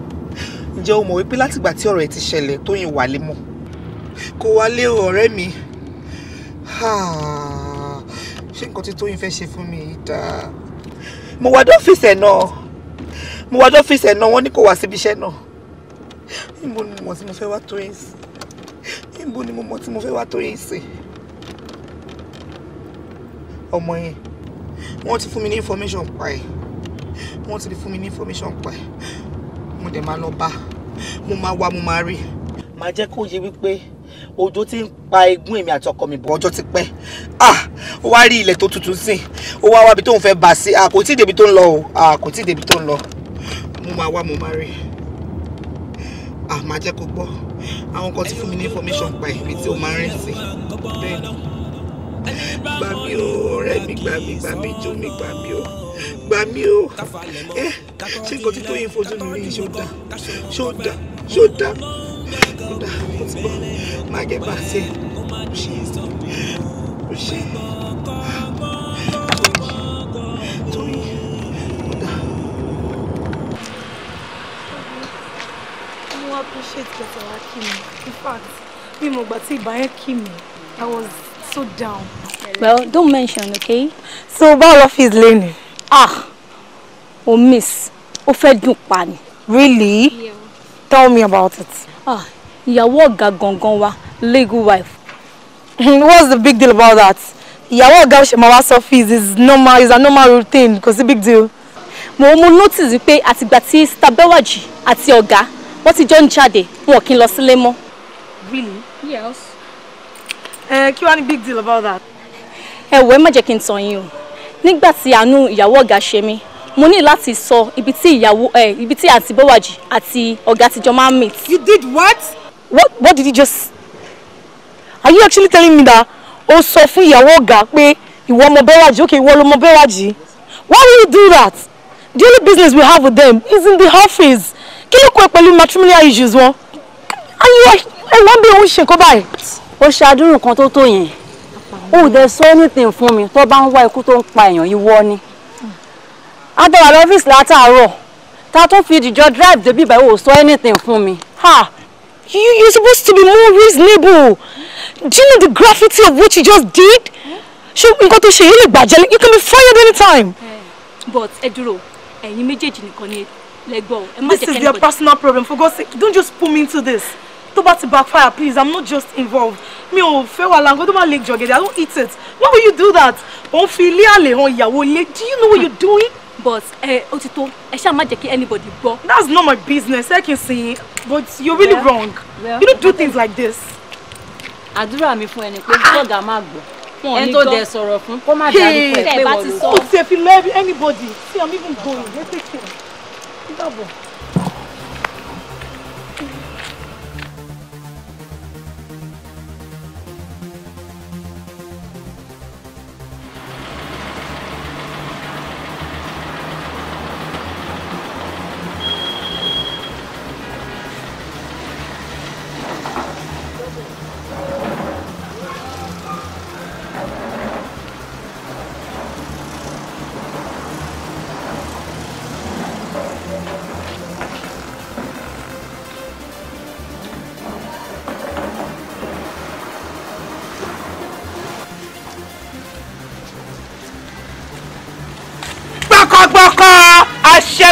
Speaker 5: ǹjẹ́ o mọ̀ wípé látìgbà tí ọ̀rọ̀ ẹ̀ ti ṣẹlẹ̀ tóyìn wálé mọ́ kò wálé ọ̀rẹ́ mi ṣé nǹkan tí Tóyìn fẹ́ ṣe fún mi yìí dáa. mo wá dọ́fíìsì ẹ̀ náà mo wá dọ́fíìsì ẹ̀ náà wọ́n ní kò wá síbi iṣẹ́ náà níbo ni mo mọ̀ tí mo fẹ́ wá Tóyìn sí níbo ni mo mọ̀ tí mo fẹ́ wá Tóyìn sí ọmọ yẹn wọ́n ti fún mi ní information pa ẹ̀ wọ́n ti fún mi ní information pa ẹ̀ mo dẹ̀ máa lọ bá mo máa wá mo máa rí màá jẹ́ kó yé wípé òjò ti ń pa egun èmi àti ọkọ mi bọ̀ ọjọ́ ti pẹ́ ah ó wá rí ilẹ̀ tó tutù sí ó wá wábi tóun fẹ́ bà sí ah kò tí ì débi tó lọ o ah kò tí ì débi tó ń lọ mo máa wá mo máa rí ah máa jẹ́ kó gbọ́ àwọn kan ti fún mi ní information pa ibi tí ó máa rìn sí bẹ́ẹ̀ gbà mí o ọ̀rẹ́ mi gbà mí gbà mí jó mi gbà mí o gbà mí o ẹ eh, ṣé nǹkan tí tó yín fojú mi rí ṣó dá ṣó dá ṣó dá kódà mo ti bọ́ máa gé bá
Speaker 6: I was so down. Well, don't mention, okay? So, báwo office lẹ́nu? Ah, oh miss, ó fẹ́ dùn pa Really? Yeah. Tell me about it. Ah, ìyàwó ọ̀gá gangan wa legal wife. what's the big deal about that? ìyàwó ọ̀gá òṣèlú wa sọ fees is normal is a normal routine kò sí big deal. mo mú notice pé àtìgbà tí star bewaji àti ọ̀gá wọ́n ti jọ ń jáde wọn kì í lọ sílé mọ́.
Speaker 4: really? yes.
Speaker 6: ẹ eh, kí wàá ní big deal about that. ẹ wò ẹ má jẹ́ kí n tàn yín o nígbà tí àánú ìyàwó ọ̀gá ṣe mí mo ní láti sọ ibi tí ìyàwó eh, ibi tí àǹtí àti ọ̀gá ti jọ máa ń meet. you did what? What, what did he just... Are you actually telling me that ó sọ fún ìyàwó ọ̀gá pé ìwọ ọmọ Bẹ́wàjì, okay, ìwọ ọmọ Bẹ́wàjì? Why do you do that? The only business we have with them is in the office. Kí ló kọ́ pẹ̀lú matrimonial issues And you, wọn? Ayé ẹ̀wọ̀n bí òun ṣe kó báyìí.
Speaker 4: Ó ṣe àdúrù kan tó to yẹn. Ó dẹ̀ sọ anything fún mi tó bá ń wá ikú tó ń pa èèyàn ìwọ ni. Adéwà lọ́fíìsì látàárọ̀. Ta tó fi ìdìjọ drive débi báyìí ò sọ anything fún mi. Ha! You, you're supposed to be more reasonable.
Speaker 6: Do you know the gravity of what you just did? ṣé nǹkan tó ṣe yìí lè gbàjẹ́ you can be fired anytime. but ẹ dúró ẹ̀yin méjèèjì nìkan ni lẹ́gbọ́ this is your personal problem for God's sake don't just pull me into this tó bá ti backfire please i'm not just involved mi ò fẹ́ wàhálà nǹkan tó bá lè jọ̀gẹ̀dẹ̀ i don't eat it why would you do that òun fi ilé àlè do you know what you're doing but eh, ó I shall not ṣáà anybody gbọ́. that's not my business I can see, but you're really well, wrong well, you don't do things like this.
Speaker 4: I do fún ẹni for gbọ́dà máa gbọ́
Speaker 6: ẹni tó dẹ̀ sọ̀rọ̀
Speaker 4: fún kó má dàrú pé ẹ bá ti sọ. o
Speaker 6: tẹ̀ fi lẹ́bi anybody see i'm even going let's take care.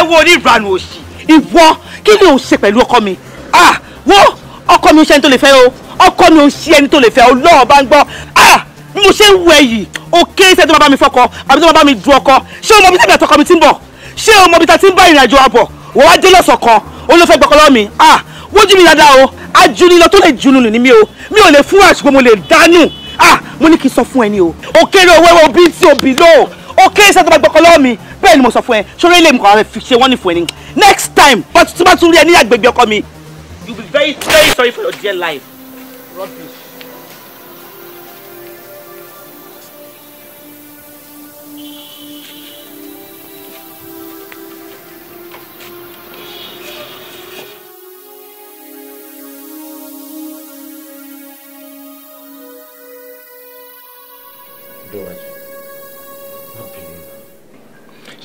Speaker 5: ẹ wo oníranù òsì ìwọ kí ló ń ṣe pẹ̀lú ọkọ mi ah wo ọkọ mi ò ṣe ẹni tó lè fẹ́ o ọkọ mi ò ṣe ẹni tó lè fẹ́ o lọ́ọ̀ bá ń gbọ́ ah bí mo ṣe ń wẹ̀ yìí òkè ṣe tó máa bá mi fọkọ àbí tó máa bá mi du ọkọ ṣé o mọ bí tẹ̀lé àtọkọ mi ti ń bọ̀ ṣé o mọ bí ta ti ń bá ìrìnàjò àbọ̀ wọ́n wá dé lọ́sọ̀ kan olófẹ́ gbọ́kọ́lọ́ mi ah wojú mi dáadáa o ajuni lọ tó lè junu ní mi o mi ò lè fún àṣùgbọ́n mo lè dánù ah mo ní kí n sọ fún ẹni o òkèrè owó ẹwọ bíi tí òbí lóò Okay, iṣẹ́ tó bá gbọ́kọ́ lọ́wọ́ mi bẹ́ẹ̀ ni mo sọ fún ẹ ṣoré ilé mi kò àwọn ṣe wọ́n ní fún ẹ ni next time bá tún bá tún rí ẹ ní agbègbè ọkọ mi you be very very sorry for your dear life rubbish.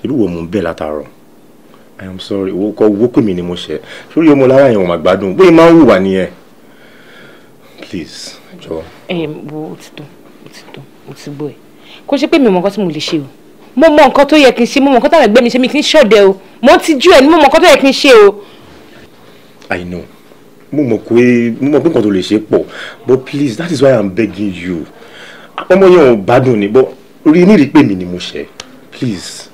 Speaker 7: irú wo mò ń bẹ̀ látàárọ̀ i am sorry owó kọ owó pè mí ni mo ṣe sórí ọmọ lára yẹn wọn máa gbádùn bóyá máa ń hùwà nìyẹn please jọ.
Speaker 4: ẹ ẹ wo ó ti dùn ó ti dùn ó ti gbọ́ ẹ kó ṣe pé mi mọ nǹkan tí mo lè ṣe o mo mọ nǹkan tó yẹ kí n ṣe mo mọ nǹkan táwọn ẹgbẹ́ mi ṣe mi kì í ṣọ̀dẹ̀ o mo ti jú ẹ ní mo mọ nǹkan tó yẹ kí n ṣe o.
Speaker 7: i know mo mọ pé mo mọ pé nǹkan tó lè ṣe pọ̀ but please that is why i am begging you ọmọ yẹn ò gbádùn ni but rí ní rí pé ni mo ṣe please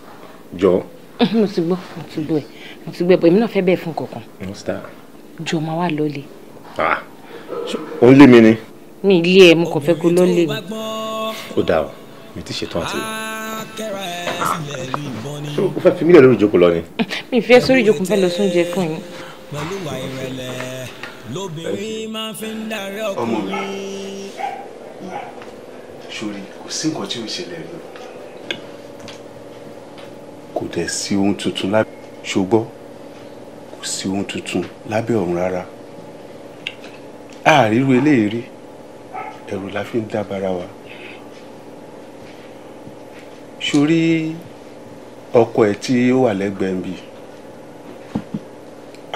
Speaker 7: jọ.
Speaker 4: mo ti gbọ́ mo ti gbọ́ ẹ̀ mo ti gbọ́ ẹ̀ bọ̀ èmi náà fẹ́ bẹ́ẹ̀ fún kankan. mo ti ta. jọ máa wà lọ́lẹ̀.
Speaker 7: ah ò ń lé mi ni.
Speaker 4: mi ilé ẹ mo kàn fẹ́ kó lọ́lẹ̀ mi.
Speaker 7: ó dáa o mi ti ṣetán àti lọ. ṣé o fẹ́ fi mílíọ̀nù lórí ìjókòó lọ ni.
Speaker 4: mi fẹ́ sórí ìjókòó fẹ́ lọ sóúnjẹ fún yín. pẹ̀lú ìwà
Speaker 2: ìrẹ̀lẹ̀ lóbìnrin máa fi ń darí ọkùnrin. ọmọ mi
Speaker 8: sori kò sí nǹkan tí ò ṣẹlẹ̀ rí o kò dẹ̀ sí ohun tuntun lábẹ́ ṣùgbọ́n kò sí ohun tuntun lábẹ́ ọ̀run rárá eléyìí rí ẹ̀rù la fi ń dábàrà wa sórí ọkọ ẹ̀ tí ó wà lẹ́gbẹ̀ẹ́ bíi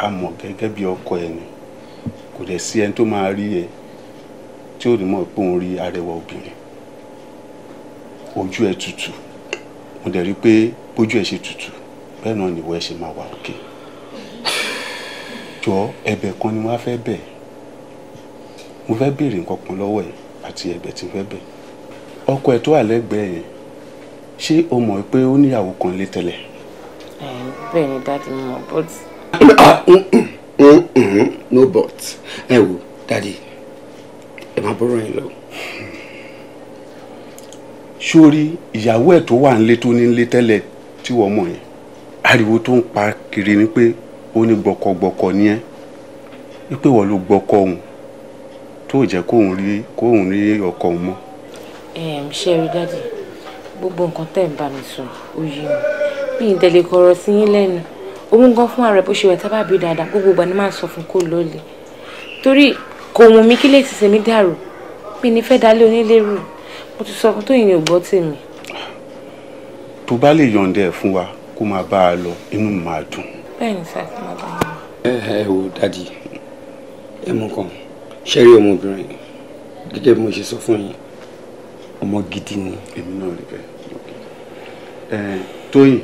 Speaker 8: a mọ̀ gẹ́gẹ́ bí ọkọ ẹ̀ ni kò dẹ̀ sí ẹni tó máa rí ẹ tí ò ní mọ̀ pé òun rí arẹwà obìnrin ojú ẹ̀ tutù mo dẹ̀ pé bójú ẹ ṣe tutù bẹ́ẹ̀ náà nìwọ ẹ ṣe máa wà òkè jọ ẹ̀bẹ̀ kan ni wọ́n á fẹ́ bẹ̀ mo fẹ́ béèrè nǹkan kan lọ́wọ́ ẹ àti ẹ̀bẹ̀ tí mo fẹ́ bẹ̀ ọkọ ẹ tó wà lẹ́gbẹ̀ẹ́ yẹn ṣé o mọ̀ pé ó níyàwó kan lé tẹ́lẹ̀.
Speaker 4: bẹ́ẹ̀ ni dáàdi mo mọ̀ but.
Speaker 8: no but ẹ wo dáàdi ẹ máa bọ́rọ̀ yín lọ. sórí ìyàwó ẹ̀ tó wà ń lé tó ní ń lé tẹ́lẹ̀ tí wọ́n mọ̀ yẹn ariwo tó ń pa kiri ni pé ó ní gbọkọgbọkọ ní ẹ wípé wọ́n ló gbọkọ òun tó jẹ́ kóun rí kóun rí ọkọ òun mọ́.
Speaker 4: ṣé ẹ rí dáàdì gbogbo nǹkan tẹ̀ ń bá mi sọ ó yé mi mi ìdẹ̀lẹ̀ kọ̀rọ̀ sí yín lẹ́nu òun gan fún ààrẹ bó ṣe wẹ̀ tábà bí dáadáa gbogbo ìgbà ni máa sọ fún kó lóòlì torí kò mú mi kí lè ti sèmi dàrú mi ní fẹ́ dalé onílé rù mo ti sọ fún tóyìn ò gbọ́ tèmi
Speaker 8: tó bá lè yọ̀ǹda ẹ̀ fún wa kó máa bá a lọ inú mi máa dùn.
Speaker 4: bẹ́ẹ̀ni sá kí máa bá a.
Speaker 8: ẹ wo dadi ẹ mú kan ṣe rí ọmọbìnrin gẹ́gẹ́ bí mo ṣe sọ fún yín ọmọ gidi ni. èmi náà rí bẹ́ẹ̀ ẹ tóyìn.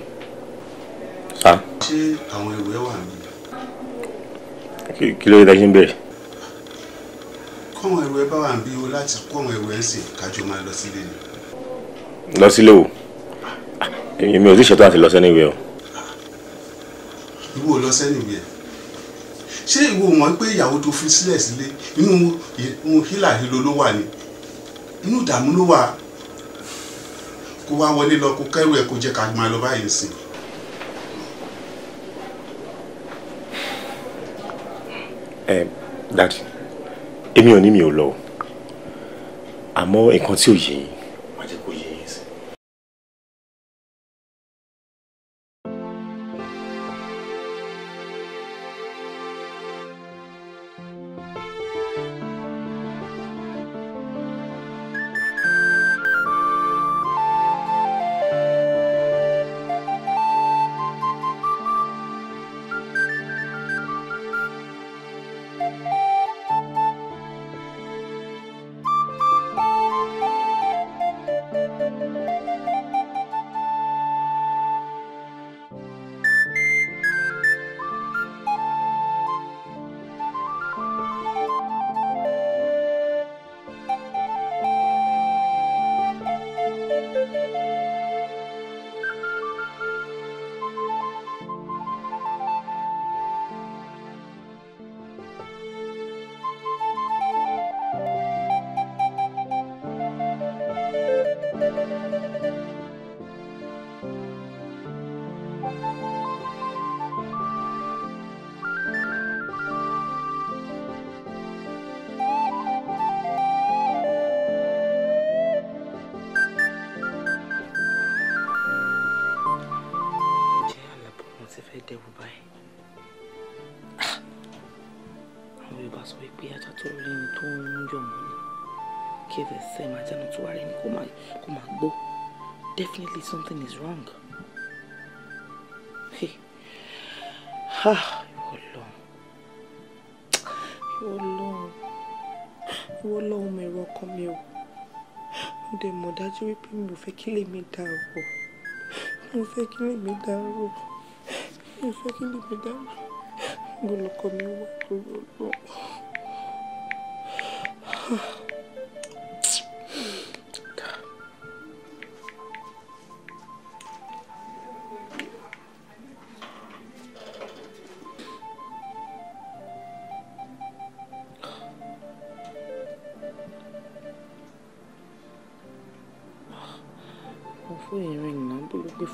Speaker 8: sá. ṣé àwọn ìwé wà nílẹ̀ kí ló yẹ dájú ń bẹ̀rẹ̀. kọ́mọ ìwé bá wà ń bí wo láti kọ́mọ ìwé ń sìn kájọ máa lọ sílé ni.
Speaker 7: lọ sílé o èmi ò tí ṣetán àti lọ sẹ́niwé o.
Speaker 8: ìwọ lọ sẹ́niwé ṣé ìwọ mọ̀ pé ìyàwó tó fi sílẹ̀ sílé inú hílàhílo ló wà ní inú ìdààmú ló wà kó wá wọlé lọ kó kẹrù ẹ kó jẹ ká máa lọ báyìí sí i.
Speaker 7: ẹ dadi èmi ò ní mi ò lọ àmọ́ nǹkan tí ò yẹ yín
Speaker 5: something is wrong. Hey. Ah, ìwọ lọ. Ìwọ lọ. Ìwọ lọ ọmọ ẹ̀rọ ọkàn mi o. Mo dẹ̀ mọ̀ dájú wípé mi ò fẹ́ kí lè mi dàrú. Mi ò fẹ́ kí lè mi dàrú. Mi ò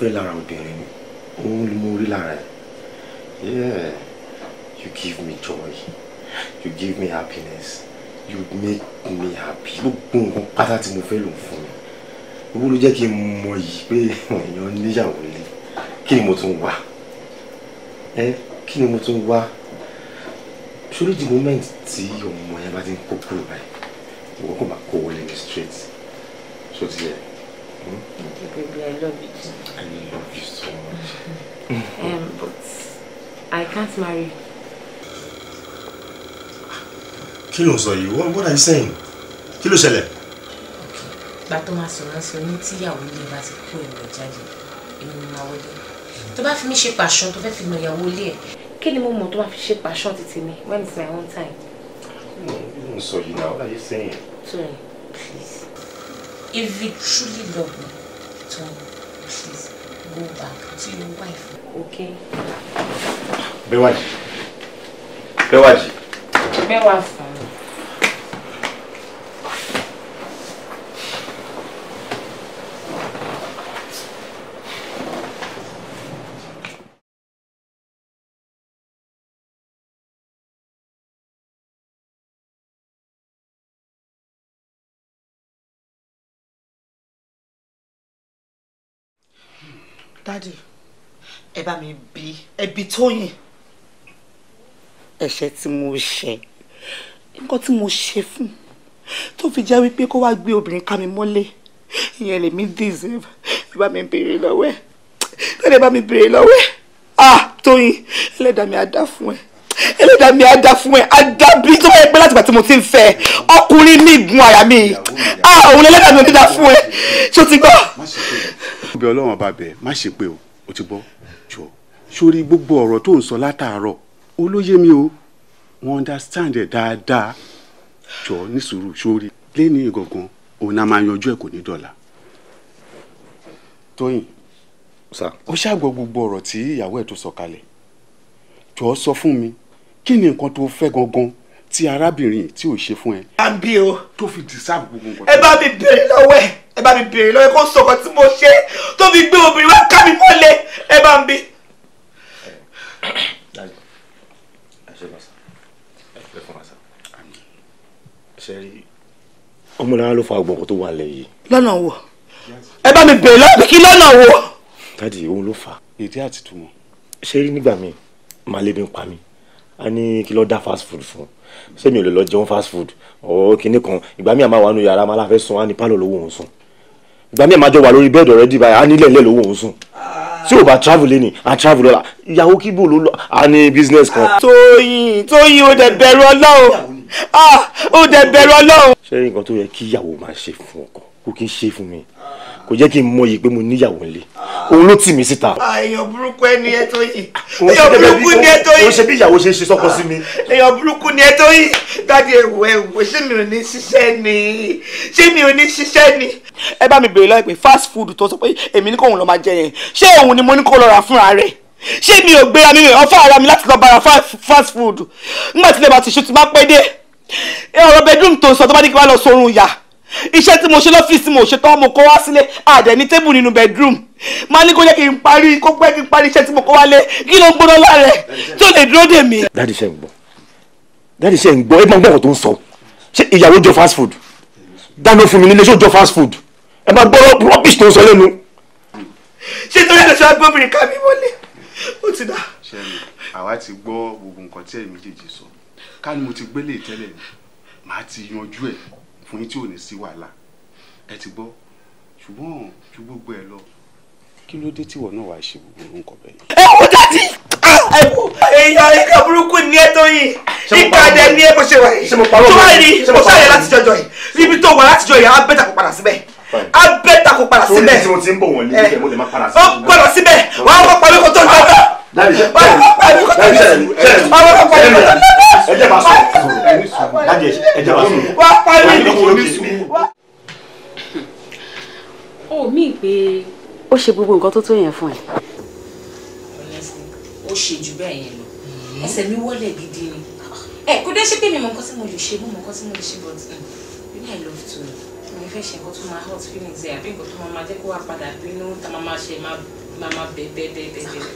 Speaker 7: fẹ́ lára obìnrin òun ni mo rí lára yeah you give me joy you give me happiness you make me happy gbogbo nǹkan pátá tí mo fẹ́ ló fún mi owó ló jẹ́ kí n mọ yìí pé èèyàn níyàwó ilé kí ni mo tún wá ẹ kí ni mo tún wá ṣórí di moment tí ọmọ yẹn bá ti ń kó kúrò báyìí ìwọ kò máa kó wọlé ní straight ṣó ti yẹ. Mm
Speaker 4: -hmm. Baby, I love you I love you so much. um, but I can't marry.
Speaker 7: Kí ló ń What, what are you saying? Kí ló ṣẹlẹ̀?
Speaker 4: Gba tó máa sọ̀rọ̀ sí oní tíyàwó ilé bá ti kó ìlú jáde, èmi ni máa wọlé. Tó bá fi mí ṣe pàṣán tó fẹ́ fi nà ìyàwó ilé ẹ̀, kí ni mo mọ̀ tó máa fi ṣe pàṣán títí mi when is my own time?
Speaker 7: Kí ló ń sọ yìí náà? What are you saying? Sorry,
Speaker 4: please. if you truly love me, Tony, please go back to your wife.
Speaker 7: Okay. Bewaji. Bewaji.
Speaker 4: Bewafa.
Speaker 5: dádì ẹ bá mi bí ẹbí tóyìn. ẹ̀ṣẹ̀ tí mo ṣe nǹkan tí mo ṣe fún tó fi jẹ́ wípé kó wá gbé obìnrin ká mi mọ́lé ìyẹn lèmi deserve ẹ bá mi béèrè lọ́wọ́ ẹ̀ tẹ́lẹ̀ bá mi béèrè lọ́wọ́ ẹ̀ ah tóyìn ẹlẹ́dàá mi á dá fún ẹ ẹlẹ́dàá mi á dá fún ẹ àdàbí tó bá yẹ pé látìgbà tí mo ti ń fẹ́ ọkùnrin mi gun àyà mi ah òun ẹlẹ́dàá mi ò ní dá fún ẹ ṣó ti gbọ́
Speaker 8: bí ọlọ́run ọba bẹ̀ má ṣe pé o ò ti bọ́ jọ sórí gbogbo ọ̀rọ̀ tó ń sọ látàárọ̀ olóyè mi o wọ́n understand ẹ̀ dáadáa jọ ní sùúrù sórí lẹ́ni ìgangan òun náà máa yanjú ẹ̀ kò ní dọ̀la. tóyìn ó ṣàgbọ́ gbogbo ọ̀rọ̀ tí ìyàwó ẹ̀ tó sọ kalẹ̀ jọ sọ fún mi kí ni nǹkan tó fẹ́ gangan tí arábìnrin tí ò ṣe fún ẹ. àbí o tó fi dìsáàbù gbogbo
Speaker 5: ẹ bá mi bèrè lọ́wọ́ ẹ̀ ẹ bá mi bèrè lọ́wọ́ kó sọ̀kọ̀ tí mo ṣe tó fi gbé obìnrin wá ká mi mọ́lẹ̀ ẹ bá ń bi.
Speaker 7: ọmọlára ló fa ọgbọ̀n kó tó wà lẹ́yìn.
Speaker 5: lọ́nà wo ẹ bá mi bèrè lọ́wọ́ pé kí lọ́nà wo.
Speaker 7: dádì òun ló fà á. èdè àti túmọ̀. ṣé rí nígbà míì màá lébi ń pa mi a ní kí ló dá fast food fún sẹ́mi ò lè lọ jẹun fast food ọ̀ kinní kan ìgbà míì àmà wà nù yàrá máa láfẹ́ sùn á ní pálọ̀ lówó òun sùn ìgbà míì máa jọ wà lórí bẹ́ẹ̀dì ọ̀rẹ́dì báyìí á nílẹ̀ ńlẹ̀ lówó òun sùn tí ò bá travel lẹ́nì á travel lọ́la ìyàwó kíbo ló lọ á ní business kan. Ah, tóyìn
Speaker 5: tóyìn ó dẹ̀ bẹ̀rù ọlọ́run ó ah, dẹ̀ bẹ̀rù ọlọ́run.
Speaker 7: ṣé nǹkan tó yẹ kí ìyàwó máa ṣe fún ọkọ kó kí n ṣe fún mi kò jẹ́ kí n mọ yìí pé mo níyàwó ńlẹ̀ òun ló tì mí síta. Ah,
Speaker 5: èèyàn burúkú ẹni ẹ tó yìí èèyàn burúkú
Speaker 7: ni ẹ tó yìí. o ṣe bí ìyàwó ṣe ṣe sọ́kọ sí mi.
Speaker 5: èèyàn burúkú ni ẹ tó yìí dáàdi ẹ̀wọ̀ ẹ̀wọ̀ ṣé mi ò ní ṣiṣẹ́ ni ṣé mi ò ní ṣiṣẹ́ ni. ẹ bá mi bèrè lọ́wọ́ pé fast food tó sọ pé èmi ní kò òun lọ máa jẹ yẹn ṣé òun ni mo ní kó lọ rà fúnra rẹ̀ ṣé mi ò gbéra mi ọ̀fọ̀ ara mi láti lọ bá fast food nígbà tí lè bá ti ṣe ti má pẹ́ dé ọ̀rọ̀ bedroom tó sọ tó bá ní kí wọ́n lọ sọ orun iṣẹ́ tí mo ṣe lọ́fíìsì mo ṣe tán mo kó wá sílé àdẹ̀ ní tébù nínú bedroom máa ní kó jẹ́ kí n parí kó pẹ́ kí n parí iṣẹ́ tí mo kó wálé kí ló ń gbóná lára tí ò lè dúró dè mí. dáàdì iṣẹ́ ń gbọ́ dáàdì iṣẹ́ ń gbọ́ ẹ máa gbọ́ ọ̀rọ̀ tó ń sọ ṣé ìyàwó jọ fast food
Speaker 7: dáná fún mi nílé ṣó jọ fast food ẹ máa gbọ́ rubbish tó ń sọ lẹ́nu.
Speaker 5: ṣé torí ẹ̀ ṣọ́ agbóbìnrin ká mi wọlé ó ti dá. ṣe
Speaker 8: àwa ti gbọ́ gbogbo nǹkan tí ẹ̀ méjèèjì sọ ká ní fún yín tí ò ní sí wàhálà ẹ ti gbọ́ ṣùgbọ́n ju gbogbo ẹ lọ kí ló dé tíwọ náà wàá ṣe gbogbo
Speaker 5: orúkọ bẹ́ẹ̀. ẹ wo dadi èèyàn ìka burúkú ni ẹ tó yìí ìgbà dẹ ni ẹ bó ṣe wà yìí tó wà ní mo sáré láti jọjọ yìí níbi tó wà láti jọ yìí abẹ́ta kò padà síbẹ̀ abẹ́ta kò padà síbẹ̀. torí tí mo ti ń bọ̀ wọ́n lé ibẹ̀ mo lè má padà síbẹ̀. ó padà tó ń lọ́dọ̀ wàá kọ́ pàmí kó tó ń lọ́dọ̀ wàá kọ́ pàmí
Speaker 7: dájẹ ẹjẹ wa sùn. wá parí ìdíje omi sùn.
Speaker 4: ó mí pé ó ṣe gbogbo nǹkan tó tó yẹn fún ẹ. ó ṣe jù bẹ́ẹ̀ yẹn lọ ẹsẹ̀ mi wọlé gidi ni ẹ kó dé ṣe pé mi mọ nǹkan tí mo lè ṣe mo mọ nǹkan tí mo lè ṣe but mm, you know I love to mo fẹ́ ṣe nǹkan tó máa hot feelings ẹ àbí nǹkan tó máa jẹ́ kó wà padà bínú tá máa máa ṣe máa máa bẹ̀ bẹ̀ bẹ̀ bẹ̀ bẹ̀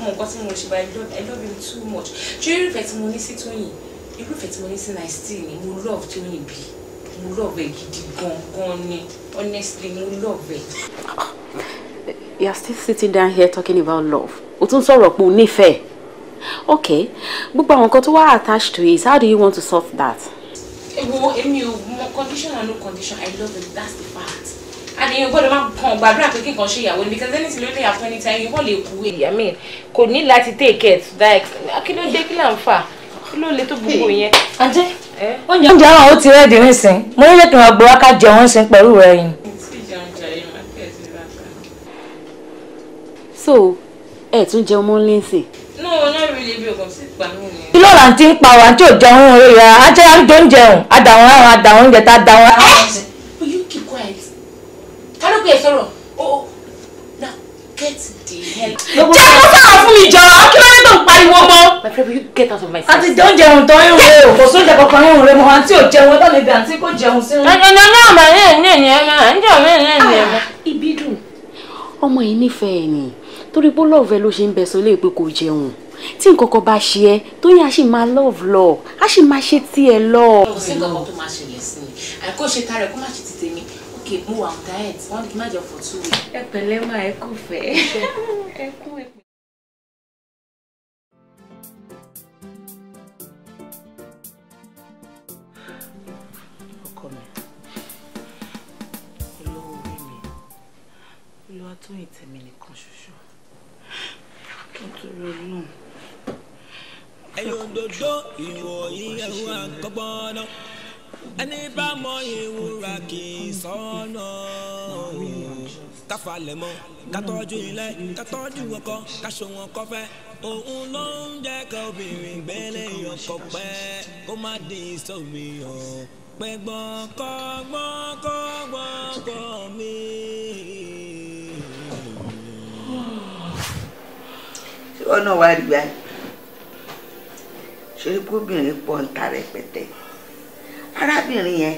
Speaker 4: mo mọ nǹkan tí mo lè ṣe but I love him too much ṣé irúfẹ́ tí mo ní sí Tóyìn irú ìfẹ́ tí mo ní sí náà still ni mo love tó yìn bí mo love ẹ gidi gan-gan ni honestly mo love ẹ. you are still sitting down here talking about love o tún sọ̀rọ̀ pé o nífẹ̀ẹ́ okay gbogbo àwọn nǹkan tó wá attached to it how do you want to solve that. ewo èmi o mo condition and no condition i love you that's the fact àdéhùn gbọ́dọ̀ máa kàn gbàdúrà pé kíkan ṣe ìyàwó níbi kẹsẹ́ nísìlẹ̀ ó lè àfẹnitẹ́ ẹ̀yìn wọ́n lè kú. ìyá mi kò ní láti take care to that extent kí ló dé kí là ń fà kí ló lè tó gbogbo yẹn. àǹtí
Speaker 6: oúnjẹ oúnjẹ àwọn ò ti rẹ́ẹ̀dì nísìn mo nílé kí n máa gbowó ká jẹun sin pẹ̀lú rẹ yìí.
Speaker 4: so ẹ tún jẹun mọ́ lẹ́sìn. no not really bí o kàn sí ìpàmì ni. kí
Speaker 6: ló là ń ti ń pa wà tí ò jẹun orí rẹ ajẹ́ àjọ ń jẹun àdàwọn àwọn àdàwọn oúnjẹ tá a dàwọn. Ah!
Speaker 4: you keep quiet. kálọ́pù ẹ̀ sọ̀rọ̀ o oh, oh. now get jẹ́ kó sọ̀rọ̀ fún mi jọ̀ọ́ kí ló dé tó ń pariwo mọ́. my friend will you get out of my face.
Speaker 6: àti jẹun jẹun tán ń re o kò sóúnjẹ kankan ń re mọ àǹtí ò jẹun ẹgbẹ́ níbi àǹtí kò jẹun sínú. ẹnìyàn náà mà ní ẹ̀ní ẹ̀ní ẹ̀ní ẹ̀ní ẹ̀ní ẹ̀ní.
Speaker 4: ibi dùn ọmọ yìí nífẹ̀ẹ́ ni torí pé lọ́ọ̀fẹ́ ló ṣe ń bẹ̀ sọ́lé pé kò jẹun tí nǹkan kan bá ṣe ẹ tóyìn á sì máa love lọ á sì máa ṣe tiẹ̀ lọ. ọ̀sìn kankan tó máa ṣẹlẹ̀ sí i àìkó ṣe tààrẹ kó má ṣe ti tèmi okay mo wà on diet one week má for two weeks. ẹ pẹ̀lẹ́ máa ẹ kò fẹ́ ẹ kún ẹ.
Speaker 5: You tó yìn tèmi nìkan Don't nítorí olóhùn.
Speaker 2: ẹ̀yin òdòdó know. ìyẹ̀wò àgbọ̀gbọ́n náà ẹni bá mọ ìwúra kì í sọ́nà káfalẹ̀ mọ́ kátọ́jú ilé kátọ́jú ọkọ káṣọ̀wọ́n kọfẹ́ òun ló ń jẹ́ ká obìnrin gbélé ọkọ pẹ́ kó má di sómi ọ̀ pẹ́ gbọ́ngbọ́ngbọ́ngbọ́ mi.
Speaker 1: ṣé ọ̀nà wa rí báyìí ṣe kóbìnrin pọ̀ ń ta rẹpẹtẹ arábìnrin yẹn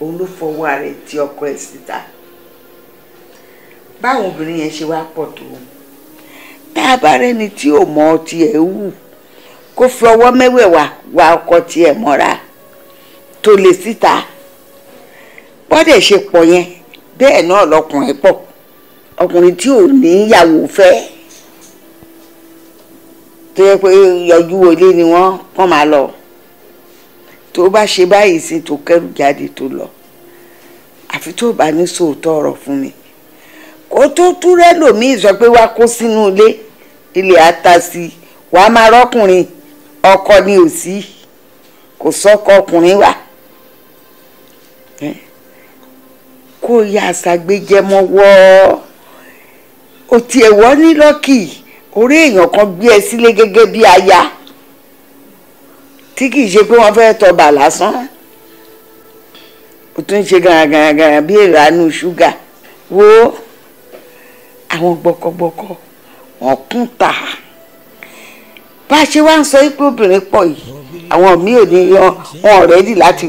Speaker 1: òun ló fọwọ́ rẹ̀ ti ọkọ ẹ̀ síta báwọn obìnrin yẹn ṣe wá pọ̀ tó tá a bá rẹ́ni tí ò mọ ọtí ẹ̀ wù kó fi ọwọ́ mẹ́wẹ̀ẹ̀wá wa ọkọ tiẹ̀ mọ́ra tó lè síta bọ́dẹ̀ ṣe pọ̀ yẹn bẹ́ẹ̀ náà lọkùnrin pọ̀ ọkùnrin tí ò ní fẹ́ tó yẹ pé yọjú olé ni wọ́n kàn máa lọ tó bá ṣe báyìí sí tó kẹ́rù jáde tó lọ àfi tó bá ní sòótọ́ ọ̀rọ̀ fún mi kó tó túrẹ́ lòmíì sọ pé wá kó sínú ilé ilé ata sí i wà á máa rọ́kùnrin ọkọ ni ò sí kò sọ́kọ ọkùnrin wà kó ya àṣàgbéjẹmọ wọ ò tiẹ̀ wọ́ ní lọ́kì orí èèyàn kan gbé ẹ sílé gẹ́gẹ́ bí aya tí kì í ṣe pé wọ́n fẹ́ẹ́ tọba lásán ó tún ṣe gàràgàràgàrà bí ìranú ṣúgà wo àwọn gbọkọgbọkọ wọn kún tà bá a ṣe wá ń sọ pé obìnrin pọ̀ yìí àwọn míì ò ní yan wọn rẹ́dì láti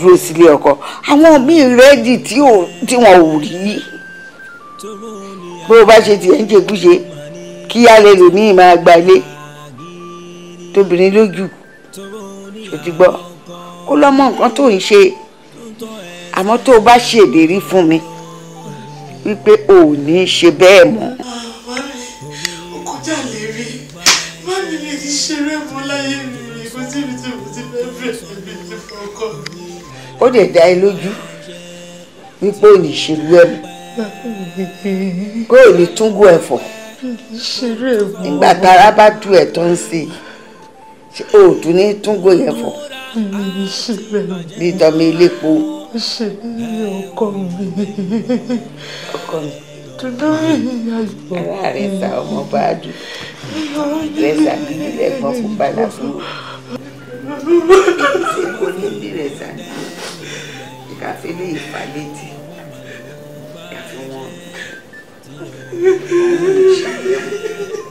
Speaker 1: dúró sílé ọkọ àwọn míì rẹ́dì tí wọn ò rí bó o bá ṣe tiẹ̀ ń ṣe kúṣe kí alẹ́ lòmíì máa gbalé tóbìnrin lójú òtúgbọ́ kó lọ mọ nǹkan tó ń ṣe àmọ́ tó o bá ṣèlérí fún mi wípé o ò ní í ṣe bẹ́ẹ̀ mọ́. ó lè dá ẹ lójú wípé ò ní ṣerú ẹ mọ́ kó o lè túngún ẹ̀fọ́
Speaker 5: nígbà tára
Speaker 1: bá tú ẹ̀ tó ń sè é ṣe ní túngò yẹn fọ.
Speaker 5: mi ṣe bẹ́ẹ̀.
Speaker 1: bí ìtọ́mi
Speaker 3: ọkọ mi. ọkọ mi. tùdúrì ayọ̀.
Speaker 1: ara rẹ̀ ta ọmọ bá a dùn.
Speaker 5: rẹ̀ sàbílì rẹ̀ gbọ́n fún
Speaker 1: bàlá fún mi. lè fà létí. ìkàfẹ́ wọn.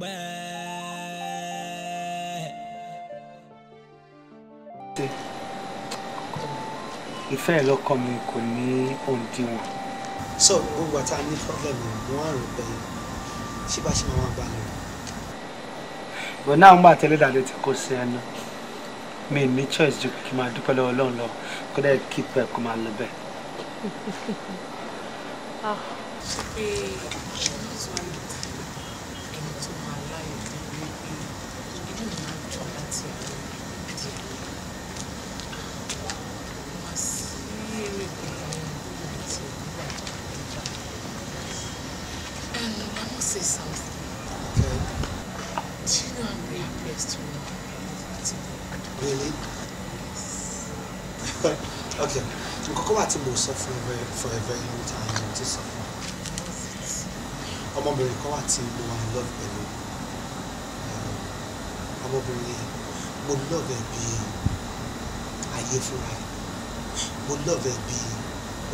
Speaker 2: pẹ́.
Speaker 5: ìfẹ́ ẹ̀ lọ́kàn mi kò ní òǹdíwọ̀n. so gbogbo àtà ní problem wọn á rò pé ṣé bá ṣe máa wá gbà lọ. bọ̀ náà ń gbà tẹ́lẹ̀ dàdé tí kò sí ẹnu mi ní choice ju kí n máa dúpẹ́ lọ́wọ́ Ọlọ́run lọ kó dẹ́ kí
Speaker 2: pẹ́ kó máa lọ bẹ́ẹ̀.
Speaker 3: Ah,
Speaker 5: kan wà mo wà love pẹ̀lú um, ọmọbìnrin yẹn mo love ẹ̀ bí ayé fúnra ẹ̀ mo love ẹ̀ bí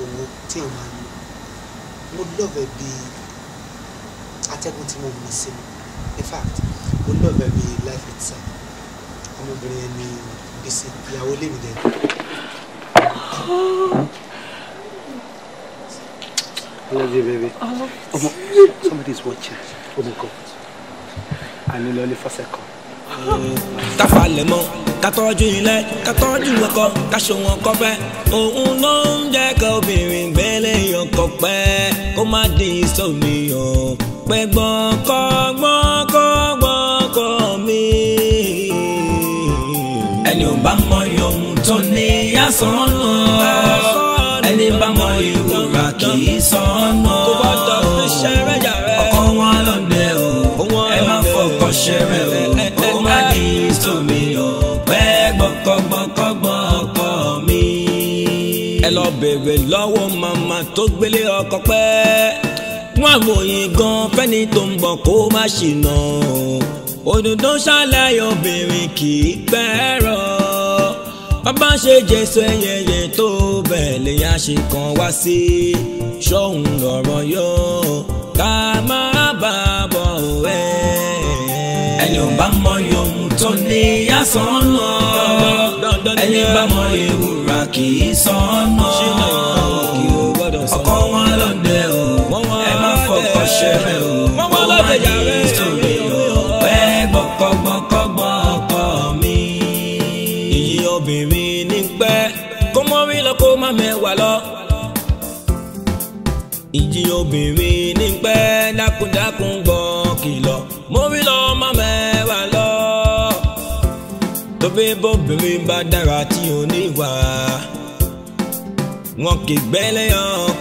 Speaker 5: owó tí èèyàn máa ń lò mo love ẹ̀ bí atẹ́gùn tí mo mú sí mi in fact mo love ẹ̀ bí life itself ọmọbìnrin yẹn ní Bísí ìyàwó lèmi dẹ̀. I love you, baby. I love you. Omo, somebody's watching. Oh my God. I need only for a second.
Speaker 2: Ká falẹ̀ mọ́, ká tọ́jú ilé, ká tọ́jú ọkọ, ká ṣòwọ́n kọ́fẹ́. Òun ló ń jẹ́ ká obìnrin gbélé ọkọ pẹ́, kó má di ìsọ̀nìyàn. Pẹ̀gbọ́n kọ́gbọ́n kọ́gbọ́n kọ́ mi. Ẹni ò bá mọ ìyọ̀hún tó ní àsán lọ. Ẹni bá mọ ìwúrí kì í sọ́nà. kó bá tọ́ fi ṣẹ́rẹ́ yà rẹ̀. ọkọ wọn lọ́nà o ẹ má fọkọ ṣẹrẹ o ó má di sómi o pẹ́ gbọ́kọ́gbọ́kọ́gbọ́n ọkọ mi. ẹ lọ bèrè lọ́wọ́ màmá tó gbélé ọkọ pẹ́. wọ́n àròyìn gan fẹ́ni tó ń bọ̀ kó má ṣìnà òdòdó ṣàlàyé obìnrin kì í pẹ́ rọ̀ bàbá ṣe jésù ẹyẹyẹ tó bẹ̀ lè yá ṣe kàn wá sí i ṣóhun lọ̀rọ̀ yóò ká má bá bọ̀ ẹ́. ẹni ò bá mọ yòówù tó ní yásán lọ ẹni bá mọ ewúra kì í sàn náà ọkọ wọn lọ́dẹ o ẹ má fọkọ ṣẹlẹ̀ o. pé bóbìnrin bá dára tí ò ní wà
Speaker 3: wọn kì í gbẹ́lẹ́ ọkọ.